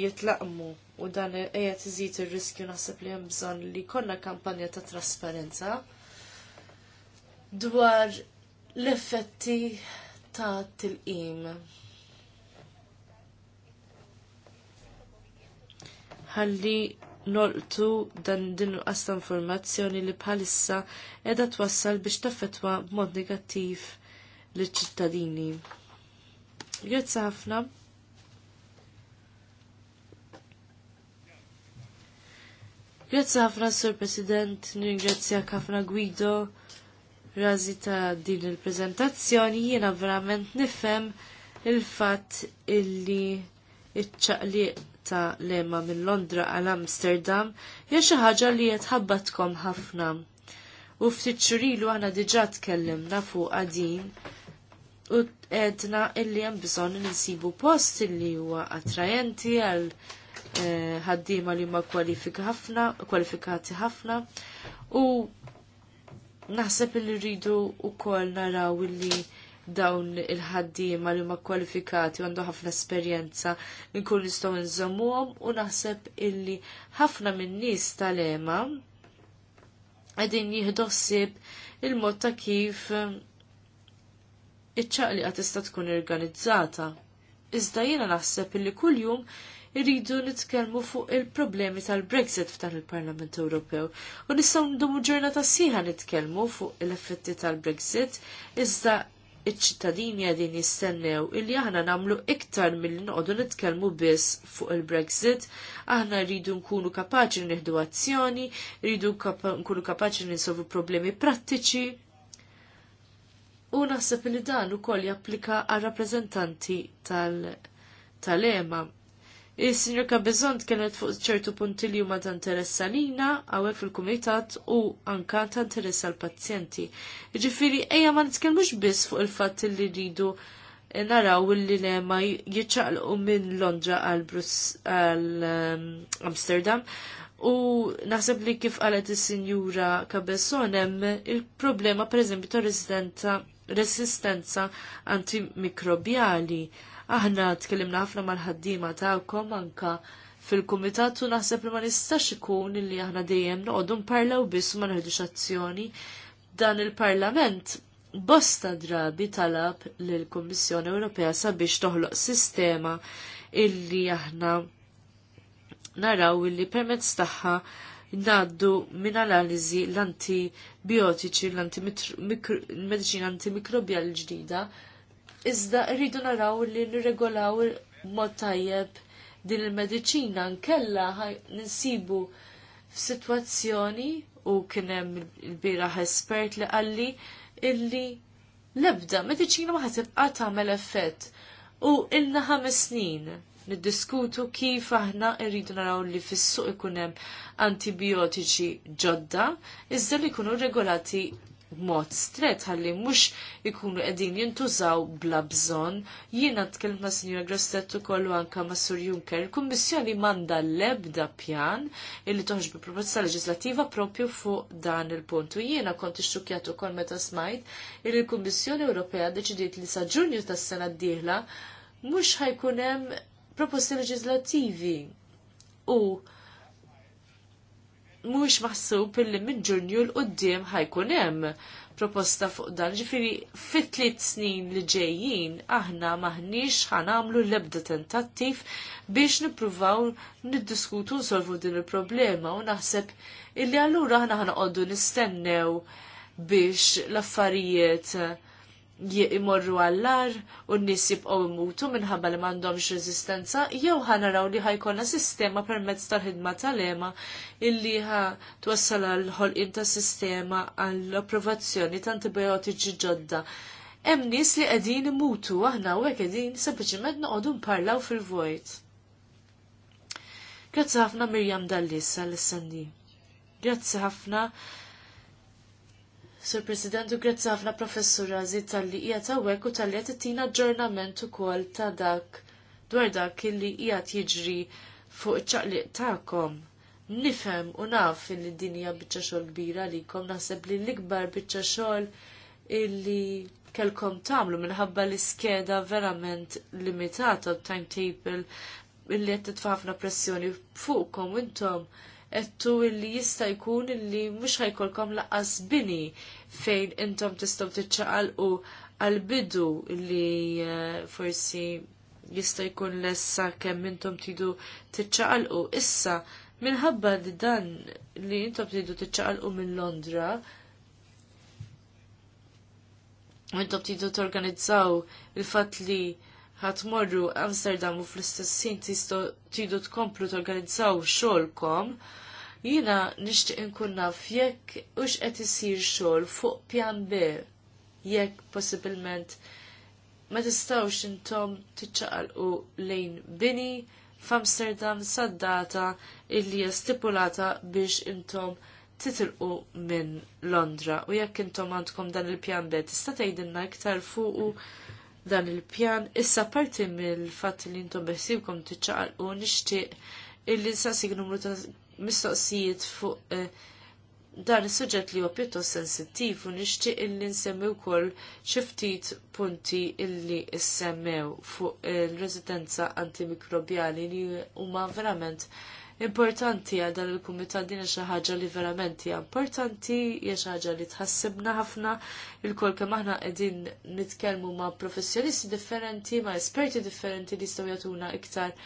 jitlaqmu u dan qiegħed iżid ir-riskju naħseb li hemm bżonn li jkollna kampanja ta' trasparenza dwar l-effetti ta' tilqim. Ħalli nolqtu dan din qasta informazzjoni li bħalissa edha twassal biex taffetwa b'mod negattiv liċ ċittadini Grazzi ħafna. Grazzi ħafna, Sur President, ningrazzjak ħafna Guido razi ta' din il-prezentazzjoni jiena verament nifhem il-fatt illi iċċaqliq ta' lema minn Londra għal Amsterdam hija xi ħaġa li qed ħabbatkom ħafna. U ftit xurilu aħna diġà tkellimna fuq għadin u edna illi hemm bżonn insibu post illi huwa attrajenti għal eh, ħaddiema li huma kwalifikati ħafna u naħseb li rridu wkoll naraw li dawn il-ħaddiema li huma kwalifikati u għandu ħafna esperjenza nkun nistgħu nżommuhom u naħseb illi ħafna min-nies tal-ema qegħdin jieħdu ħsieb il-mod ta' kif iċ-ċaqliqa tista' tkun organizzata. Iżda jiena naħseb illi kuljum irridu nitkellmu fuq il-problemi tal-Brexit f'dan il-Parlament Ewropew. U nistgħu ndumu ġurnata sieħa nitkellmu fuq l-effetti tal-Brexit, iżda iċ-ċittadini għadin jistennew illi aħna namlu iktar mill-li noqogħdu nitkellmu biss fuq il-Brexit, aħna rridu nkunu kapaċi nieħdu azzjoni, rridu nkunu kapaċi ninsolvu problemi prattiċi. U naħseb li dan ukoll japplika għal rappreżentanti tal-EMA. Tal Is-Sinjur Kabezon kienet fuq ċertu punti li huma ta' interess għalina għawek fil-kumitat u anka ta' interess għall-pazjenti. Ġifiri, ejja ma nitkellmux biss fuq il fat li rridu naraw li lema jiċċaqlqu minn Londra għal ehm, Amsterdam. U naħseb li kif qalet is-Sinjura Kabezon hemm il-problema pereżempju ta' resistenza resistenza antimikrobjali Aħna tkellimna ħafna mal-ħaddiema tagħkom anka fil-kumitat u naħseb li ma nistax ikun li aħna dejjem noqogħdu nparlaw biss ma nħedux azzjoni dan il-Parlament bosta drabi talab lill kummissjoni Ewropea sabiex toħloq sistema illi aħna naraw illi permezz tagħha ngħaddu minn analiżi l-antibiotiċi l-medicina antimikrobjal ġdida Iżda rridu naraw li nirregolaw mod tajjeb din il-mediċina nkella ninsibu f'sitwazzjoni u kien hemm il-biraħ espert li qalli illi l-ebda mediċina ma ħatibqa tagħmel effett. U ilna ħames snin niddiskutu kif aħna rridu naraw li fis-suq ikun hemm antibiotiċi ġodda iżda li jkunu regolati b'mod stret ħalli mhux ikunu qegħdin jintużaw bla bżonn. Jiena tkellmt ma' Sinjura Grostet kollu anke ma' Sur Juncker, il-Kummissjoni manda l-ebda pjan illi toħroġ bi proposta leġislattiva propju fuq dan il-punt. U jiena kont ixxukjat ukoll meta smajt illi l-Kummissjoni Ewropea deċidiet li sa' Ġunju tas-sena d-dieħla mhux ħajkun hemm proposti leġislattivi. U mhuwiex maħsub illi minn ġunju l qoddim ħajkun hemm proposta fuq dan. ġifiri fit tliet snin li ġejjin aħna maħniex ħanamlu l-ebda tentattiv biex nippruvaw niddiskutu nsolvu din il-problema u naħseb illi allura aħna ħanqogħdu nistennew biex l-affarijiet jimorru għallar u n u jibqgħu imutu minħabba li m'għandhomx rezistenza, jew ħanaraw li ħajkonna sistema permezz tal-ħidma tal-ema illi ħa twassal għal ħolqien ta' sistema għall-approvazzjoni ta' antibiotiċi ġodda. Hemm nies li qegħdin imutu aħna u hekk qegħdin sempliċement noqogħdu nparlaw fil-vojt. Grazzi ħafna Mirjam Dallis għall-Sandi. Grazzi ħafna Sur President, u grazzi ħafna professura Zid tal-li qiegħed għawek u tal-li qed ittina aġġornament ukoll ta' dak dwar dak illi qiegħed jiġri fuq iċ-ċaqliq tagħkom. Nifhem u naf li dinja hija biċċa xogħol kbira likom naħseb li l-ikbar biċċa xogħol illi kelkom tagħmlu minħabba li skeda verament limitata u timetable li qed titfa' ħafna pressjoni fuqkom intom ettu illi jista jkun illi mhux ħajkolkom laqqas bini fejn intom tistgħu tiċċaqalqu għal-bidu li eh, forsi jista jkun lessa kemm intom tidu tiċċaqalqu. Issa, minħabba li dan li intom tidu tiċċaqalqu minn Londra, intom tidu torganizzaw il-fat li ħatmorru Amsterdam u fl-istess sin tidu tkomplu torganizzaw xogħolkom, jiena nixtieq inkun naf jekk u qed isir xogħol fuq pjan B jekk possibilment ma tistawx intom tiċċaqalqu lejn bini f'Amsterdam sad-data illi hija stipulata biex intom titilqu minn Londra u jekk intom għandkom dan il-pjan B tista' tgħidilna iktar fuq dan il-pjan. Issa parti mill-fatt li jintom beħsibkom tiċċaqalqu nixtieq illi nsaqsik numru ta' mistoqsijiet fuq eh, dan is-suġġett li huwa pjuttost sensittiv u nixtieq illi nsemmi wkoll xi ftit punti illi issemmew fuq il-residenza eh, antimikrobjali li huma verament importanti għal dan il-kumitat din xi ħaġa li verament hija importanti, hija xi ħaġa li tħassibna ħafna il-kol kemm aħna qegħdin nitkellmu ma' professjonisti differenti, ma' esperti differenti li jistgħu jagħtuna iktar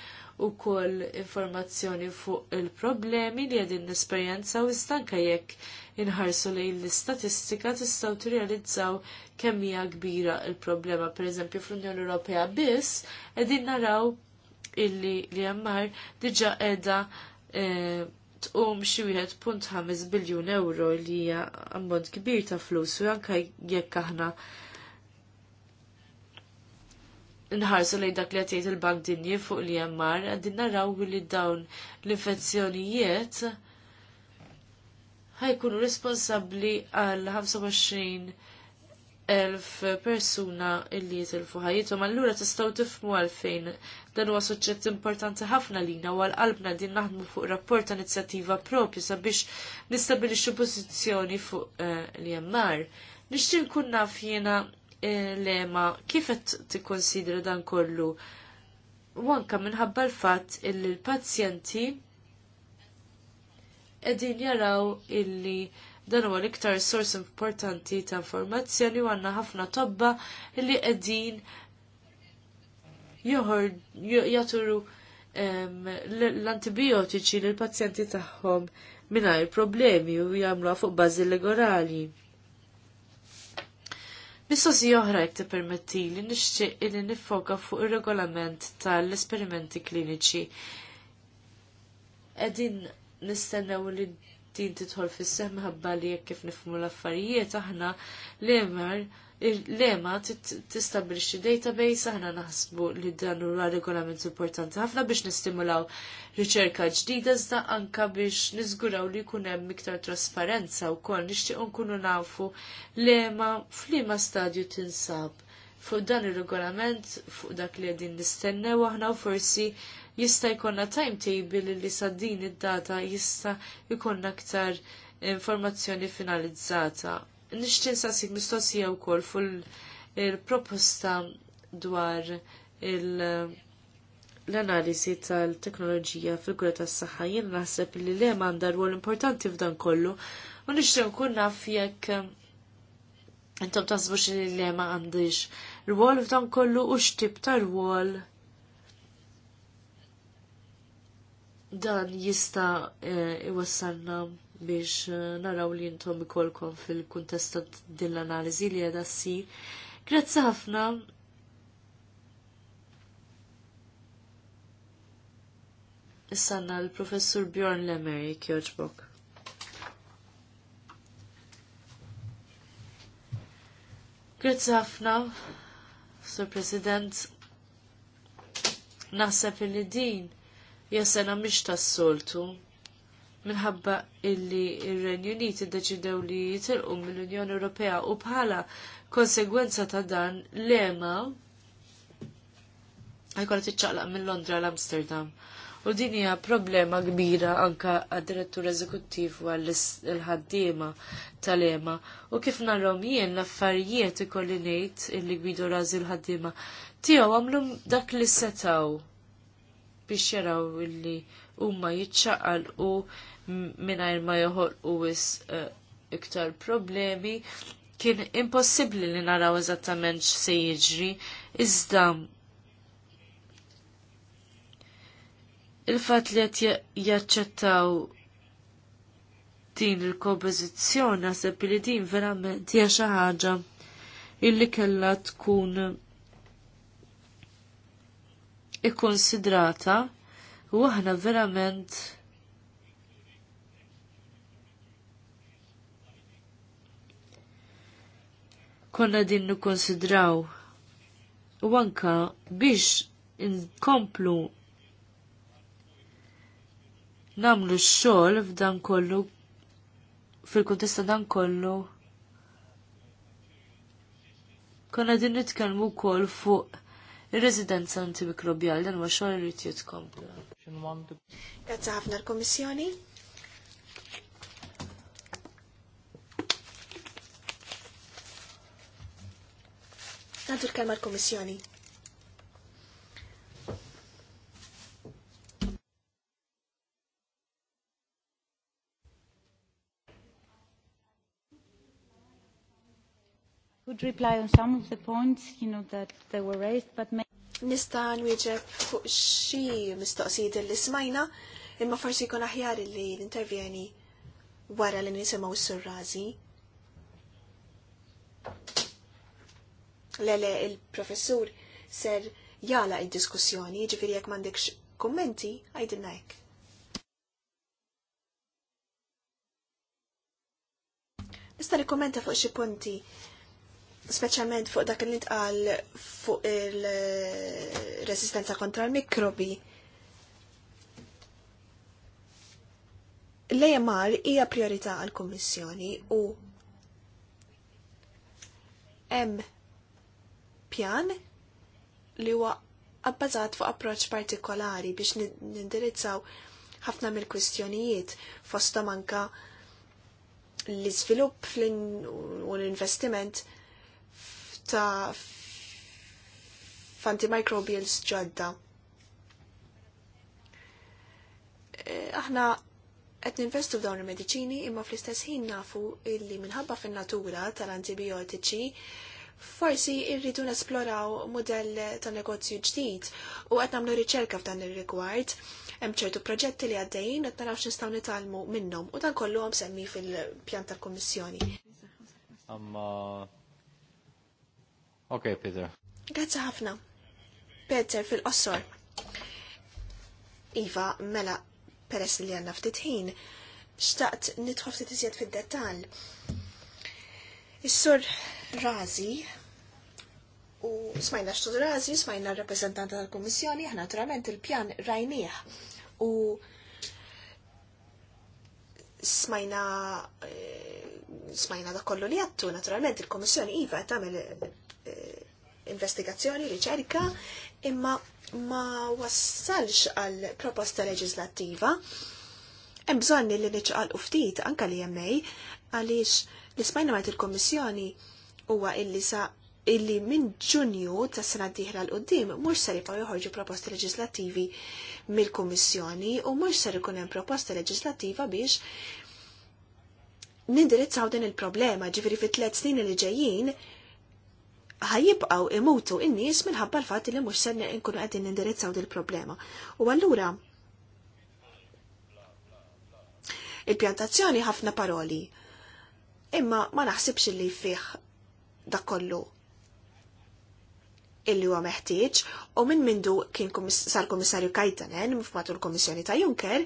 ukoll informazzjoni fuq il-problemi li n-esperienza u istanka jekk inħarsu lejn l-istatistika tistgħu tirrealizzaw kemm hija kbira il-problema. Pereżempju fl-Unjoni Ewropea biss qegħdin naraw illi li jammar diġa edha e, tqum xi wieħed punt ħames biljun euro li hija ammont kbir ta' flus u anke jekk aħna nħarsu lejn dak li għatijt il-bank dinji fuq li jammar, għaddin naraw li dawn l-infezzjonijiet ħajkunu responsabli għal elf persuna illi jitilfu ħajitom. Allura tistaw tifmu għalfejn Dan huwa suġġett importanti ħafna lina u għal-qalbna din naħdmu fuq rapport ta' inizjattiva propju sabiex nistabilixxu pożizzjoni fuq eh, l jemmar. Nixtieq nkun naf jiena eh, lema kif qed tikkonsidra dan kollu. Wanka anke minħabba l-fatt illi l-pazjenti qegħdin jaraw illi dan huwa l-iktar sors importanti ta' informazzjoni u għandna ħafna tobba li qegħdin jaturu l-antibiotiċi l pazjenti tagħhom mingħajr problemi u jagħmluha fuq bażi legorali. Mistoqsi oħra jek permetti li nixtieq li nifoka fuq ir-regolament tal-esperimenti kliniċi. Qegħdin nistennew li din tidħol fis-seħ minħabba li jekk kif nifhmu l-affarijiet aħna l-emer il lema tistabilixi database, aħna naħsbu li dan huwa regolament importanti ħafna biex nistimulaw riċerka ġdida iżda anka biex niżguraw li jkun hemm iktar trasparenza wkoll nishtiq nkunu nafu lema f'liema stadju tinsab fuq dan ir-regolament fuq dak li nistenne nistennew aħna u forsi jista' jkollna timetable li sa din id-data jista' jkollna aktar informazzjoni finalizzata nishtin sasik mistoqsija u kol il proposta dwar l analisi tal-teknoloġija fil-kura tas-saħħa jien naħseb li le għandha rwol importanti f'dan kollu u nixtieq nkun naf jekk intom tasbu li li ma għandix rwol f'dan kollu u x'tib ta' rwol dan jista' iwassalna e, biex eh, naraw li jintom ikolkom fil-kuntesta din l-analizi li għedha si. Grazzi ħafna. Issanna l-professur Bjorn Lemery kjoġbok. Grazzi ħafna, Sur President. Naħseb li din jasena mish tas-soltu minħabba illi ir-Renju Unit iddeċidew li jitilqu mill-Unjoni Ewropea u bħala konsegwenza ta' dan l-ema ħajkolla tiċċaqlaq minn Londra l-Amsterdam. U din hija problema kbira anka għad-direttur eżekuttiv u għall-ħaddiema tal-ema. U kif narom jien l-affarijiet ikolli ngħid illi gwidu rażi l-ħaddiema tiegħu għamlu dak li setaw biex jaraw illi huma jiċċaqalqu. u Minajr ma u wis eh, iktar problemi kien impossibbli li naraw eżattament x'se jiġri iżda il-fatt li qed jaċċettaw din il-kompożizzjoni naħseb li din verament hija xi ħaġa illi kellha tkun ikkonsidrata u aħna verament konna din nikkonsidraw. U anka biex inkomplu namlu x-xogħol f'dan kollu fil kontesta dan kollu konna din nitkellmu wkoll fuq ir-residenza antimikrobjal dan huwa xogħol irid jitkomplu. Grazzi ħafna l komissjoni Nantu l-kelma l-Komissjoni. Could reply on some of the points, you know, that they were raised, but may... Nista nwieġeb fuq xi mistoqsijiet li smajna, imma forsi jkun aħjar li l-intervjeni wara li nisimgħu s-surrażi. Lele il-professur ser jala id-diskussjoni, ġifiri jek mandekx kommenti, għajdinna jek. Nista' rikkommenta fuq xi punti speċjalment fuq dak li tqal fuq il-resistenza kontra l-mikrobi. L-AMR hija priorità għall kummissjoni u hemm pjan li huwa abbażat fuq approċċ partikolari biex nindirizzaw ħafna mill-kwistjonijiet fosta anka l-iżvilupp u l-investiment ta' f'antimicrobials ġodda. Eh, aħna qed ninvestu f'dawn il-mediċini imma fl-istess ħin nafu illi minħabba fin-natura tal-antibiotiċi Forsi irridu nesploraw modell ta' negozju ġdid u qed nagħmlu riċerka f'dan ir-rigward. Hemm ċertu proġetti li għaddejjin qed naraw nistgħu nitalmu minnhom u dan kollu hemm semmi fil-pjan tal-Kummissjoni. Amma um, uh, Ok, Peter. Grazzi ħafna. Peter fil-qossor. Iva, mela, peress li għanna ftit ħin, xtaqt nidħol ftit iżjed fid-dettall. Is-sur razi u smajna xtud razi, smajna r-rappresentanta tal-Komissjoni, ħna naturalment il-pjan rajnieħ u smajna eh, smajna da kollu li għattu, naturalment il-Komissjoni iva tagħmel eh, investigazzjoni, riċerka, imma ma wassalx għal proposta leġislattiva. Hemm bżonn li niċqal ftit anke li jemmej għaliex l-ismajna ma il komissjoni huwa illi sa illi minn ġunju ta' sena diħra l-qoddim mhux ser jibgħu joħorġu proposti leġislattivi mill-Kummissjoni u mhux ser ikun hemm proposta leġislattiva biex nindirizzaw din il-problema ġifieri fit-tliet snin li ġejjin ħajibqaw imutu n nies minħabba l-fatt li mhux ser nkunu qegħdin nindirizzaw din il-problema. U allura il-pjantazzjoni ħafna paroli imma ma naħsibx li fih dak kollu illi huwa meħtieġ u minn mindu kien sar komissarju Kajtanen f'matul l-Komissjoni ta' Juncker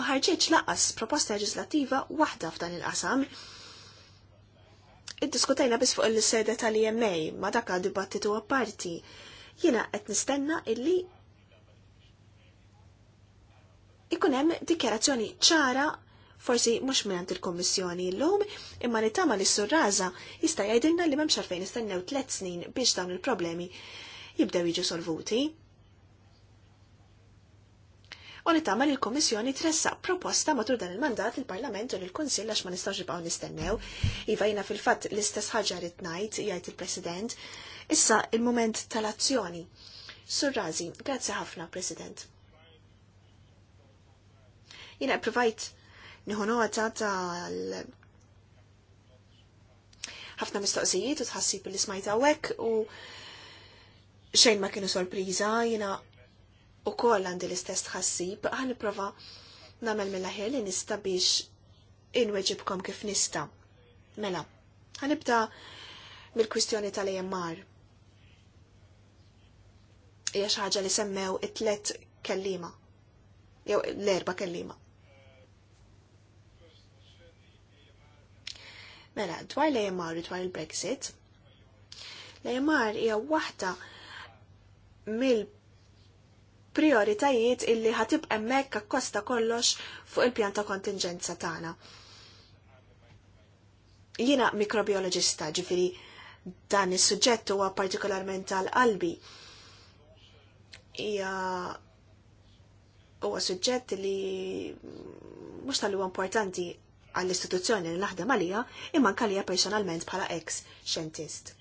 ma ħarġitx laqas proposta leġislattiva waħda f'dan il-qasam. Iddiskutejna biss fuq il-sede tal ima ma dak għal dibattitu apparti. Jiena qed nistenna illi ikun hemm dikjarazzjoni ċara forsi mhux minant il-Kommissjoni llum, imma li tama li surraża jista' jgħidilna li m'hemmx arfejn nistennew tliet snin biex dawn il-problemi jibdew jiġu solvuti. U li tama li l-Kommissjoni tressa proposta matul dan il-mandat il-Parlament u l-Kunsill għax ma nistax jibqgħu nistennew. jivajna fil-fatt l-istess ħaġa rid ngħid jgħid il-President. Issa il-moment tal-azzjoni. Surrazi, grazzi ħafna, President. Jina provajt nieħu tal ħafna mistoqsijiet u tħassib li smajta hawnhekk u xejn ma kienu sorpriża jiena ukoll għandi l-istess tħassib għan nipprova nagħmel mill-aħjar li nista' biex inweġibkom kif nista'. Mela, ibda mill-kwistjoni tal-EMR hija xi ħaġa li semmew it-tlet kellima. Jew l-erba kellima. Mela, dwar l-EMR u dwar il-Brexit, l-EMR hija waħda mill prioritajiet illi ħatib emmek kakosta kollox fuq il-pjan ta' kontingenza tagħna. Jiena mikrobiologista, ġifiri dan is-suġġett huwa partikolarment tal qalbi. Hija huwa suġġett li mhux tal huwa importanti għall-istituzzjoni li naħdem għalija imma nkalija personalment bħala ex xentist.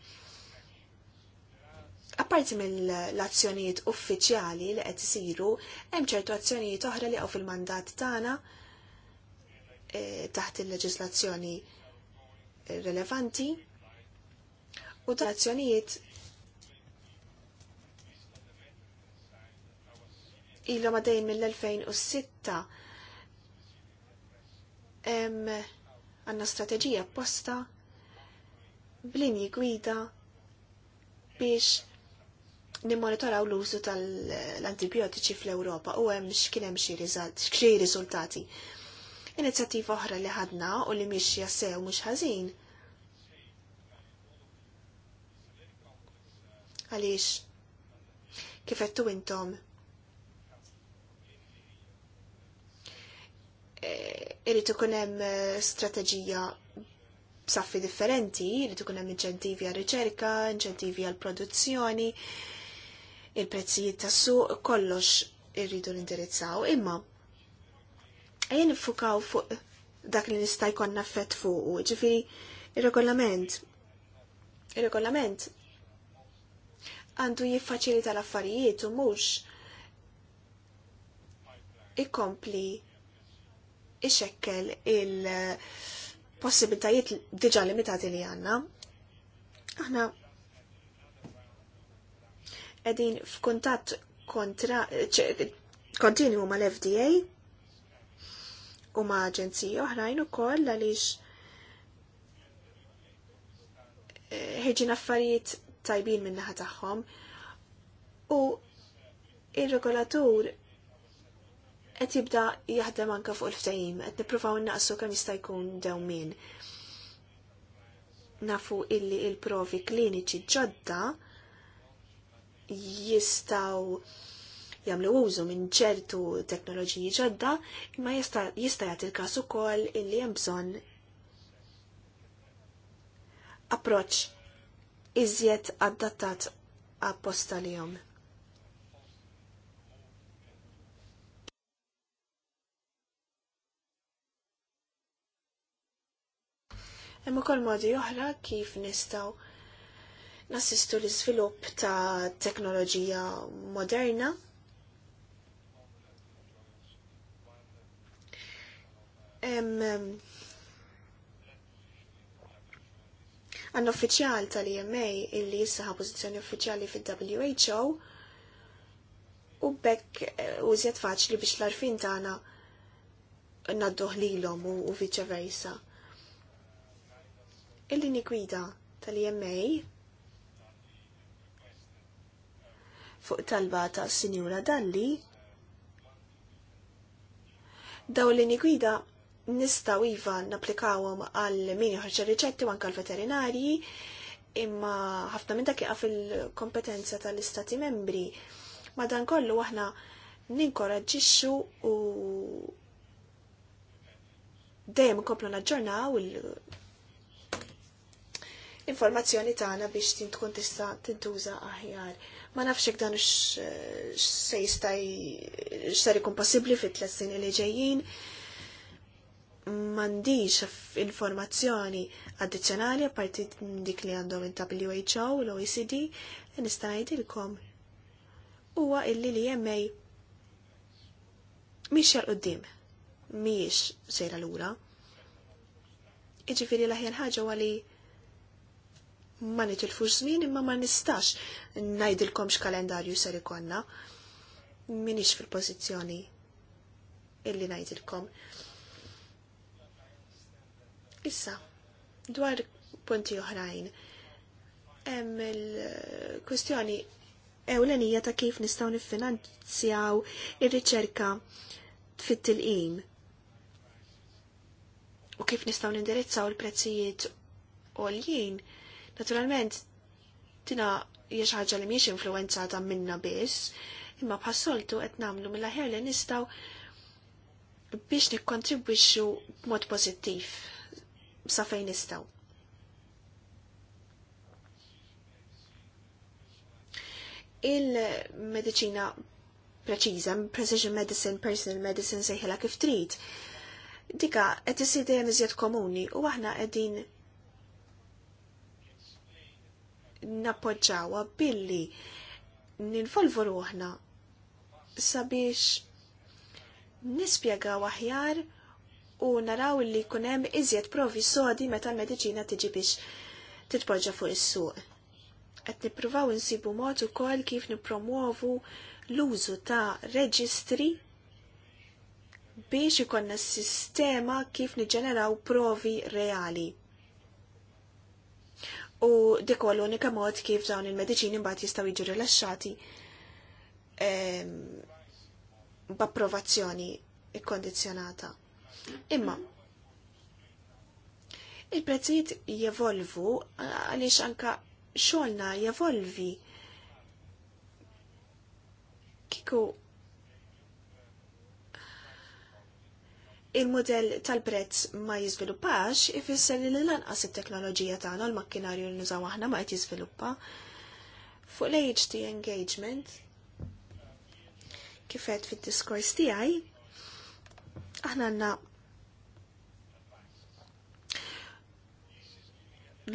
Apparti mill-azzjonijiet uffiċjali li qed isiru, hemm ċertu azzjonijiet oħra li qgħu fil-mandat tagħna eh, taħt il-leġislazzjoni rilevanti u ta' azzjonijiet ilhom għadejn mill-2006 għanna strategija apposta b'linji gwida biex nimmonitoraw l-użu tal-antibiotiċi fl-Ewropa u hemm x'kienem hemm xi riżultati. Inizjattiva oħra li ħadna u li mhix jassew mhux ħażin għaliex kif qed intom irrit ikun hemm eh, strateġija b'saffi differenti, irrit ikun hemm inċentivi għal riċerka, inċentivi għal produzzjoni, il-prezzijiet tas-suq, kollox irridu nindirizzaw, imma għajn nifukaw fuq dak li nista' jkollna fett fuq, ġifiri ir-regolament. Ir-regolament għandu jiffaċilita l-affarijiet u mhux ikompli ixekkel il-possibilitajiet diġa limitati li għanna. Aħna edin f'kuntatt kontra kontinju ma l-FDA u ma aġenziji oħrajn u koll għalix eh, ħieġin affarijiet tajbin minnaħa tagħhom u il-regolatur qed jibda jaħdem anke fuq il-ftajim, qed nippruvaw naqsu kemm jista' jkun dewmien. Nafu illi il-provi kliniċi ġodda jistaw jagħmlu użu minn ċertu teknoloġiji ġodda, imma jista' jagħti il-każ ukoll illi hemm bżonn approċċ iżjed adattat apposta lihom. Hemm ukoll modi oħra kif nistgħu nassistu l-iżvilupp ta' teknoloġija moderna għan uffiċjal tal-EMA illi jissaħa pozizjoni uffiċjali fil-WHO u bekk eh, użjed faċli biex l-arfin tagħna nadduh lilhom u viċa versa il-lini gwida tal-EMA fuq talba ta' Sinjura Dalli daw l-lini gwida nistaw iva naplikawhom għal min ħarċa riċetti u anke l-veterinarji imma ħafna minn dak għaf il kompetenza tal-istati membri. Madankollu aħna ninkoraġġixxu u dejjem komplu naġġornaw il informazzjoni tagħna biex tin tkun tista' tintuża aħjar. Ma nafx hekk dan se jista' x'ser ikun possibbli fit-tliet snin li ġejjin. M'għandix informazzjoni addizzjonali apparti dik li għandhom il-WHO u l-OECD nista' ngħidilkom huwa illi li EMA mhix jal qudiem, mhijiex sejra lura. Iġifieri l-aħjar ħaġa huwa li ma nitilfux żmien imma ma nistax ngħidilkom x'kalendarju ser ikonna. Minix fil-pożizzjoni illi ngħidilkom. Issa, dwar punti oħrajn, hemm il-kwistjoni ewlenija ta' kif nistgħu niffinanzjaw ir-riċerka fit-tilqim u kif nistgħu nindirizzaw il-prezzijiet għoljien Naturalment, tina jiexħħġa ħaġa li miex influenzata minna biss, imma bħassoltu qed namlu mill ħer li nistaw biex nikkontribwixxu b'mod pożittiv sa fejn nistaw. Il-medicina preċiża, precision medicine, personal medicine sejħela kif trid, dika qed isir dejjem iżjed komuni u aħna qegħdin nappoġġawha billi ninvolvu ruħna sabiex nispjegaw aħjar u naraw li kunem iżjed provi sodi meta l-mediċina tiġi biex titpoġġa fuq is-suq. Qed nippruvaw insibu mod ukoll kif nippromuovu l-użu ta' reġistri biex ikonna s sistema kif niġġeneraw provi reali u dik huwa l-unika mod kif dawn il-mediċini mbagħad jistgħu jiġu rilaxxati ehm, b'approvazzjoni ikkondizzjonata. Imma il-prezzijiet jevolvu għaliex anka xogħolna jevolvi kiku il-modell tal-prezz ma jizviluppax ifisser li lanqas it-teknoloġija tagħna l-makkinarju li nużaw aħna ma qed jiżviluppa. Fuq l-HT engagement, kifet fid-diskors tiegħi, aħna għandna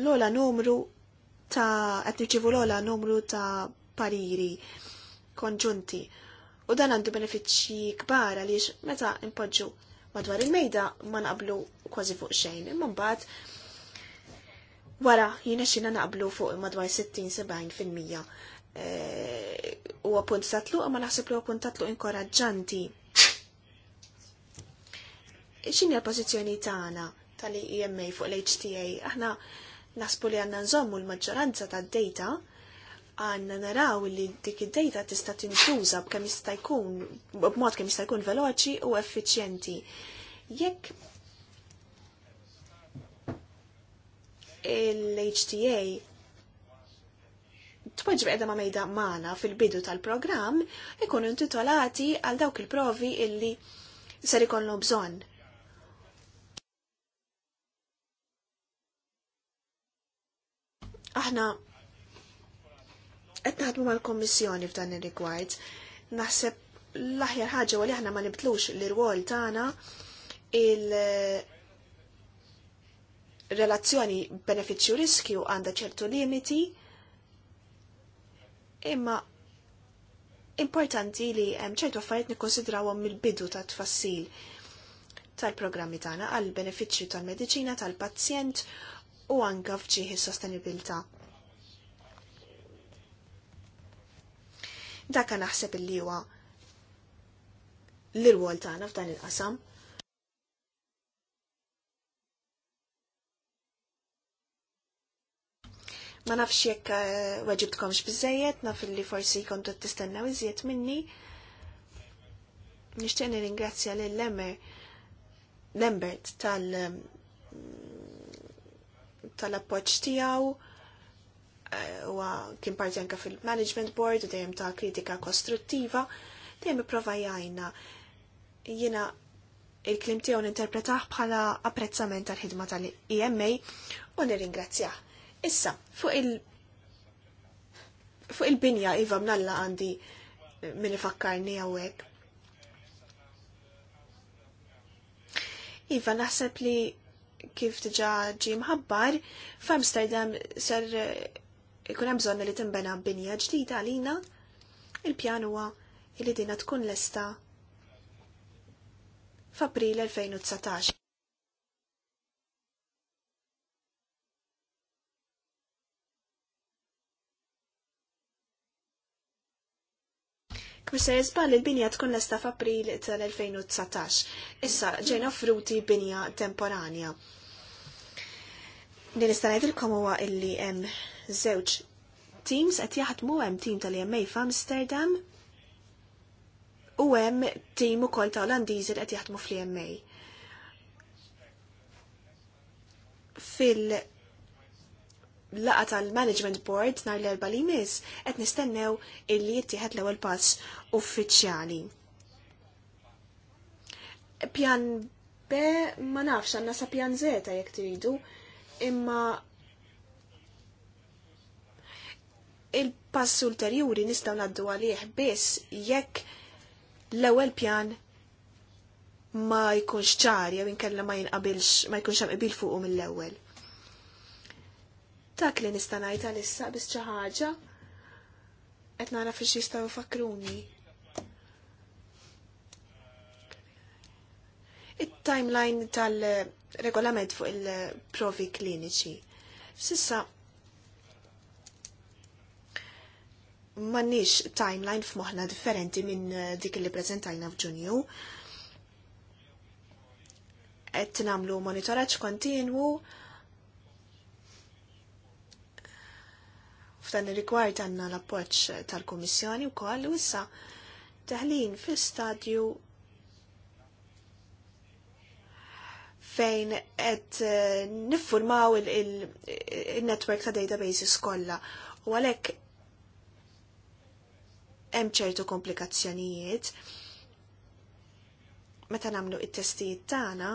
l-ola numru ta' qed niċċivu l-ola numru ta' pariri konġunti. U dan għandu benefiċċji kbar għaliex meta impoġġu madwar il-mejda ma naqblu kważi fuq xejn. Imma mbagħad wara jiena xina naqblu fuq madwar 60-70 fil-mija. Eh, huwa punt tatlu ma naħseb li huwa punt tatlu inkoraġġanti. X'inhi l-pożizzjoni tagħna tal-EMA fuq l-HTA? Aħna naħsbu li għandna nżommu l-maġġoranza tad-data għanna naraw li dik id-dejta tista' tintuża b'kemm jista' jkun b'mod kemm jista' jkun veloċi u effiċjenti. Jekk l-HTA tpoġġi qiegħda ma' mejda magħna fil-bidu tal-programm ikunu intitolati għal dawk il-provi illi ser ikollu bżonn aħna qed naħdmu mal-Kommissjoni f'dan ir-rigward. Naħseb l-aħjar ħaġa li aħna ma nibtlux l-irwol tagħna il relazzjoni benefiċċju riskju għandha ċertu limiti imma importanti li hemm ċertu affarijiet nikkonsidrawhom mill-bidu ta' tfassil tal-programmi tagħna għall benefiċċju tal-mediċina tal-pazjent u anke f'ġieħi sostenibilità. Dakka naħseb il-li huwa l-irwol tagħna f'dan il-qasam. ma nafx jekk eh, weġibtkomx biżejjed, naf li forsi kontu t-tistennaw iżjed minni. Nixtieq ringrazzja li l-Lemmer, Lembert tal- mm, tal-appoċ tijaw, huwa eh, kien parti anka fil-management board u dejjem ta' kritika kostruttiva, dejjem ipprova jgħajna. jiena il-klim tiegħu ninterpretaħ bħala apprezzament tal-ħidma tal-EMA u nirringrazzjah. Issa, fuq il- fuq il-binja iva mnalla għandi eh, min ifakkarni għawek. Iva, naħseb li kif tġa ġie mħabbar, f'Amsterdam ser eh, ikun hemm bżonn li tinbena binja ġdida għalina, il-pjan huwa li dina tkun lesta f'April 2019. Kmur se jizbal il-binja tkun lesta f'April tal-2019. Issa ġejna fruti binja temporanja. nil istanajt il komuwa huwa illi hemm żewġ teams qed jaħdmu hemm tim tal-EMA f'Amsterdam u hemm u ukoll ta' Olandiżi qed jaħdmu fl-EMA. Fil- laqa tal-Management Board nar l-erba li jmiss qed nistennew illi jittieħed l-ewwel pass uffiċjali. Pjan B ma nafx għandna sa pjan Z jekk tridu, imma il-pass ulterjuri nistaw naddu għalih biss jekk l-ewwel pjan ma jkunx ċar jew inkella ma jinqabilx ma jkunx hemm qbil fuqhom mill-ewwel. Dak li nista' ngħid għalissa biss xi ħaġa qed nara fiex jistgħu fakruni. It-timeline tal-regolament fuq il-provi kliniċi. Sissa mannix timeline f'moħna differenti minn eh, dik li prezentajna f'Ġunju. Qed namlu monitoraġġ kontinwu f'dan ir-rigward għandna l-appoġġ tal-Kummissjoni wkoll u issa teħlin fil stadju? fejn qed eh, niffurmaw il-network ta' databases kollha u għalhekk hemm ċertu komplikazzjonijiet. Meta nagħmlu it-testijiet tagħna,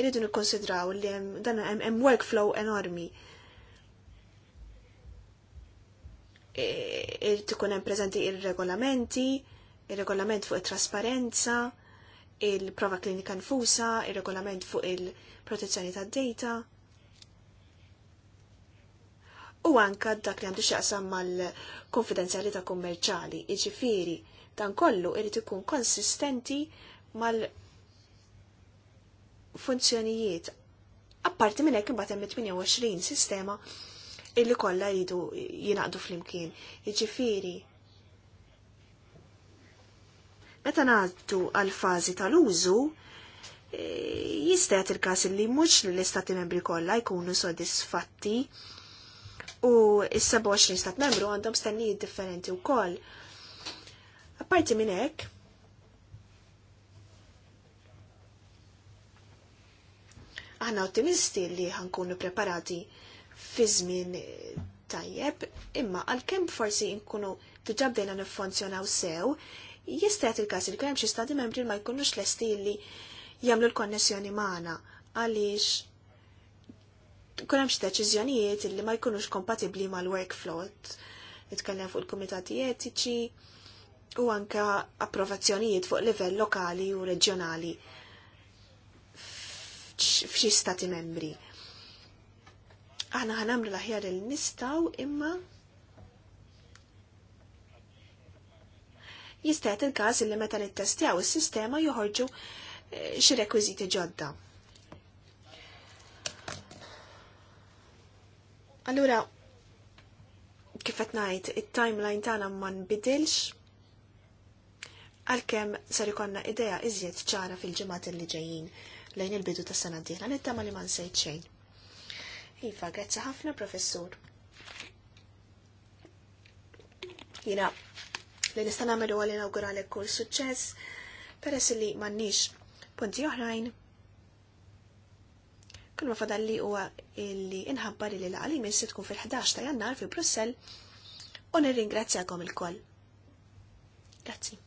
irridu nikkonsidraw li hemm dan hemm workflow enormi. E, Irid ikun hemm preżenti ir-regolamenti, ir-regolament fuq it-trasparenza, il-prova klinika nfusa, ir-regolament fuq il-protezzjoni tad-data u anka dak li għandu xaqsam mal-konfidenzjalità kummerċali, iġifiri, dan kollu irrit ikun konsistenti mal-funzjonijiet. Apparti minn hekk imbagħad hemm 28 sistema illi kollha jridu jingħaqdu flimkien. Jiġifieri meta ngħaddu għal fażi tal-użu, e, jista' jagħti il kas li mhux l-istati membri kollha jkunu sodisfatti u s-27 stat membru għandhom stennijiet differenti u koll. Apparti minn hekk, aħna ottimisti li ħankunu preparati fi żmien tajjeb, imma għalkemm forsi nkunu diġà bdejna niffunzjonaw sew, jista' il-każ il kemm xi stati membri ma jkunux lesti li jagħmlu l-konnessjoni magħna għaliex kun xie deċizjonijiet deċiżjonijiet li ma jkunux kompatibbli mal-workflow. Nitkellem fuq il-kumitati etiċi u anka approvazzjonijiet fuq livell lokali u reġjonali f'xi stati membri. Aħna ħanamlu l-aħjar il nistaw imma jistajt il il li meta nittestjaw is-sistema joħorġu eh, xi rekwiżiti ġodda. Allura, kif qed ngħid, it-timeline tagħna ma nbidilx għalkemm ser ikonna idea iżjed ċara fil-ġimgħat li ġejjin lejn il-bidu tas-sena d-dieħla nittama li ma nsejt xejn. Iva, grazzi ħafna professur. Jina, li nista' nagħmel għal inawgurali kull suċċess peress li m'għandniex punti oħrajn Kull ma fadalli huwa illi inħabbar li l-għali minn se tkun fil-11 ta' jannar fi Brussel u nirringrazzjakom il-koll. Grazzi.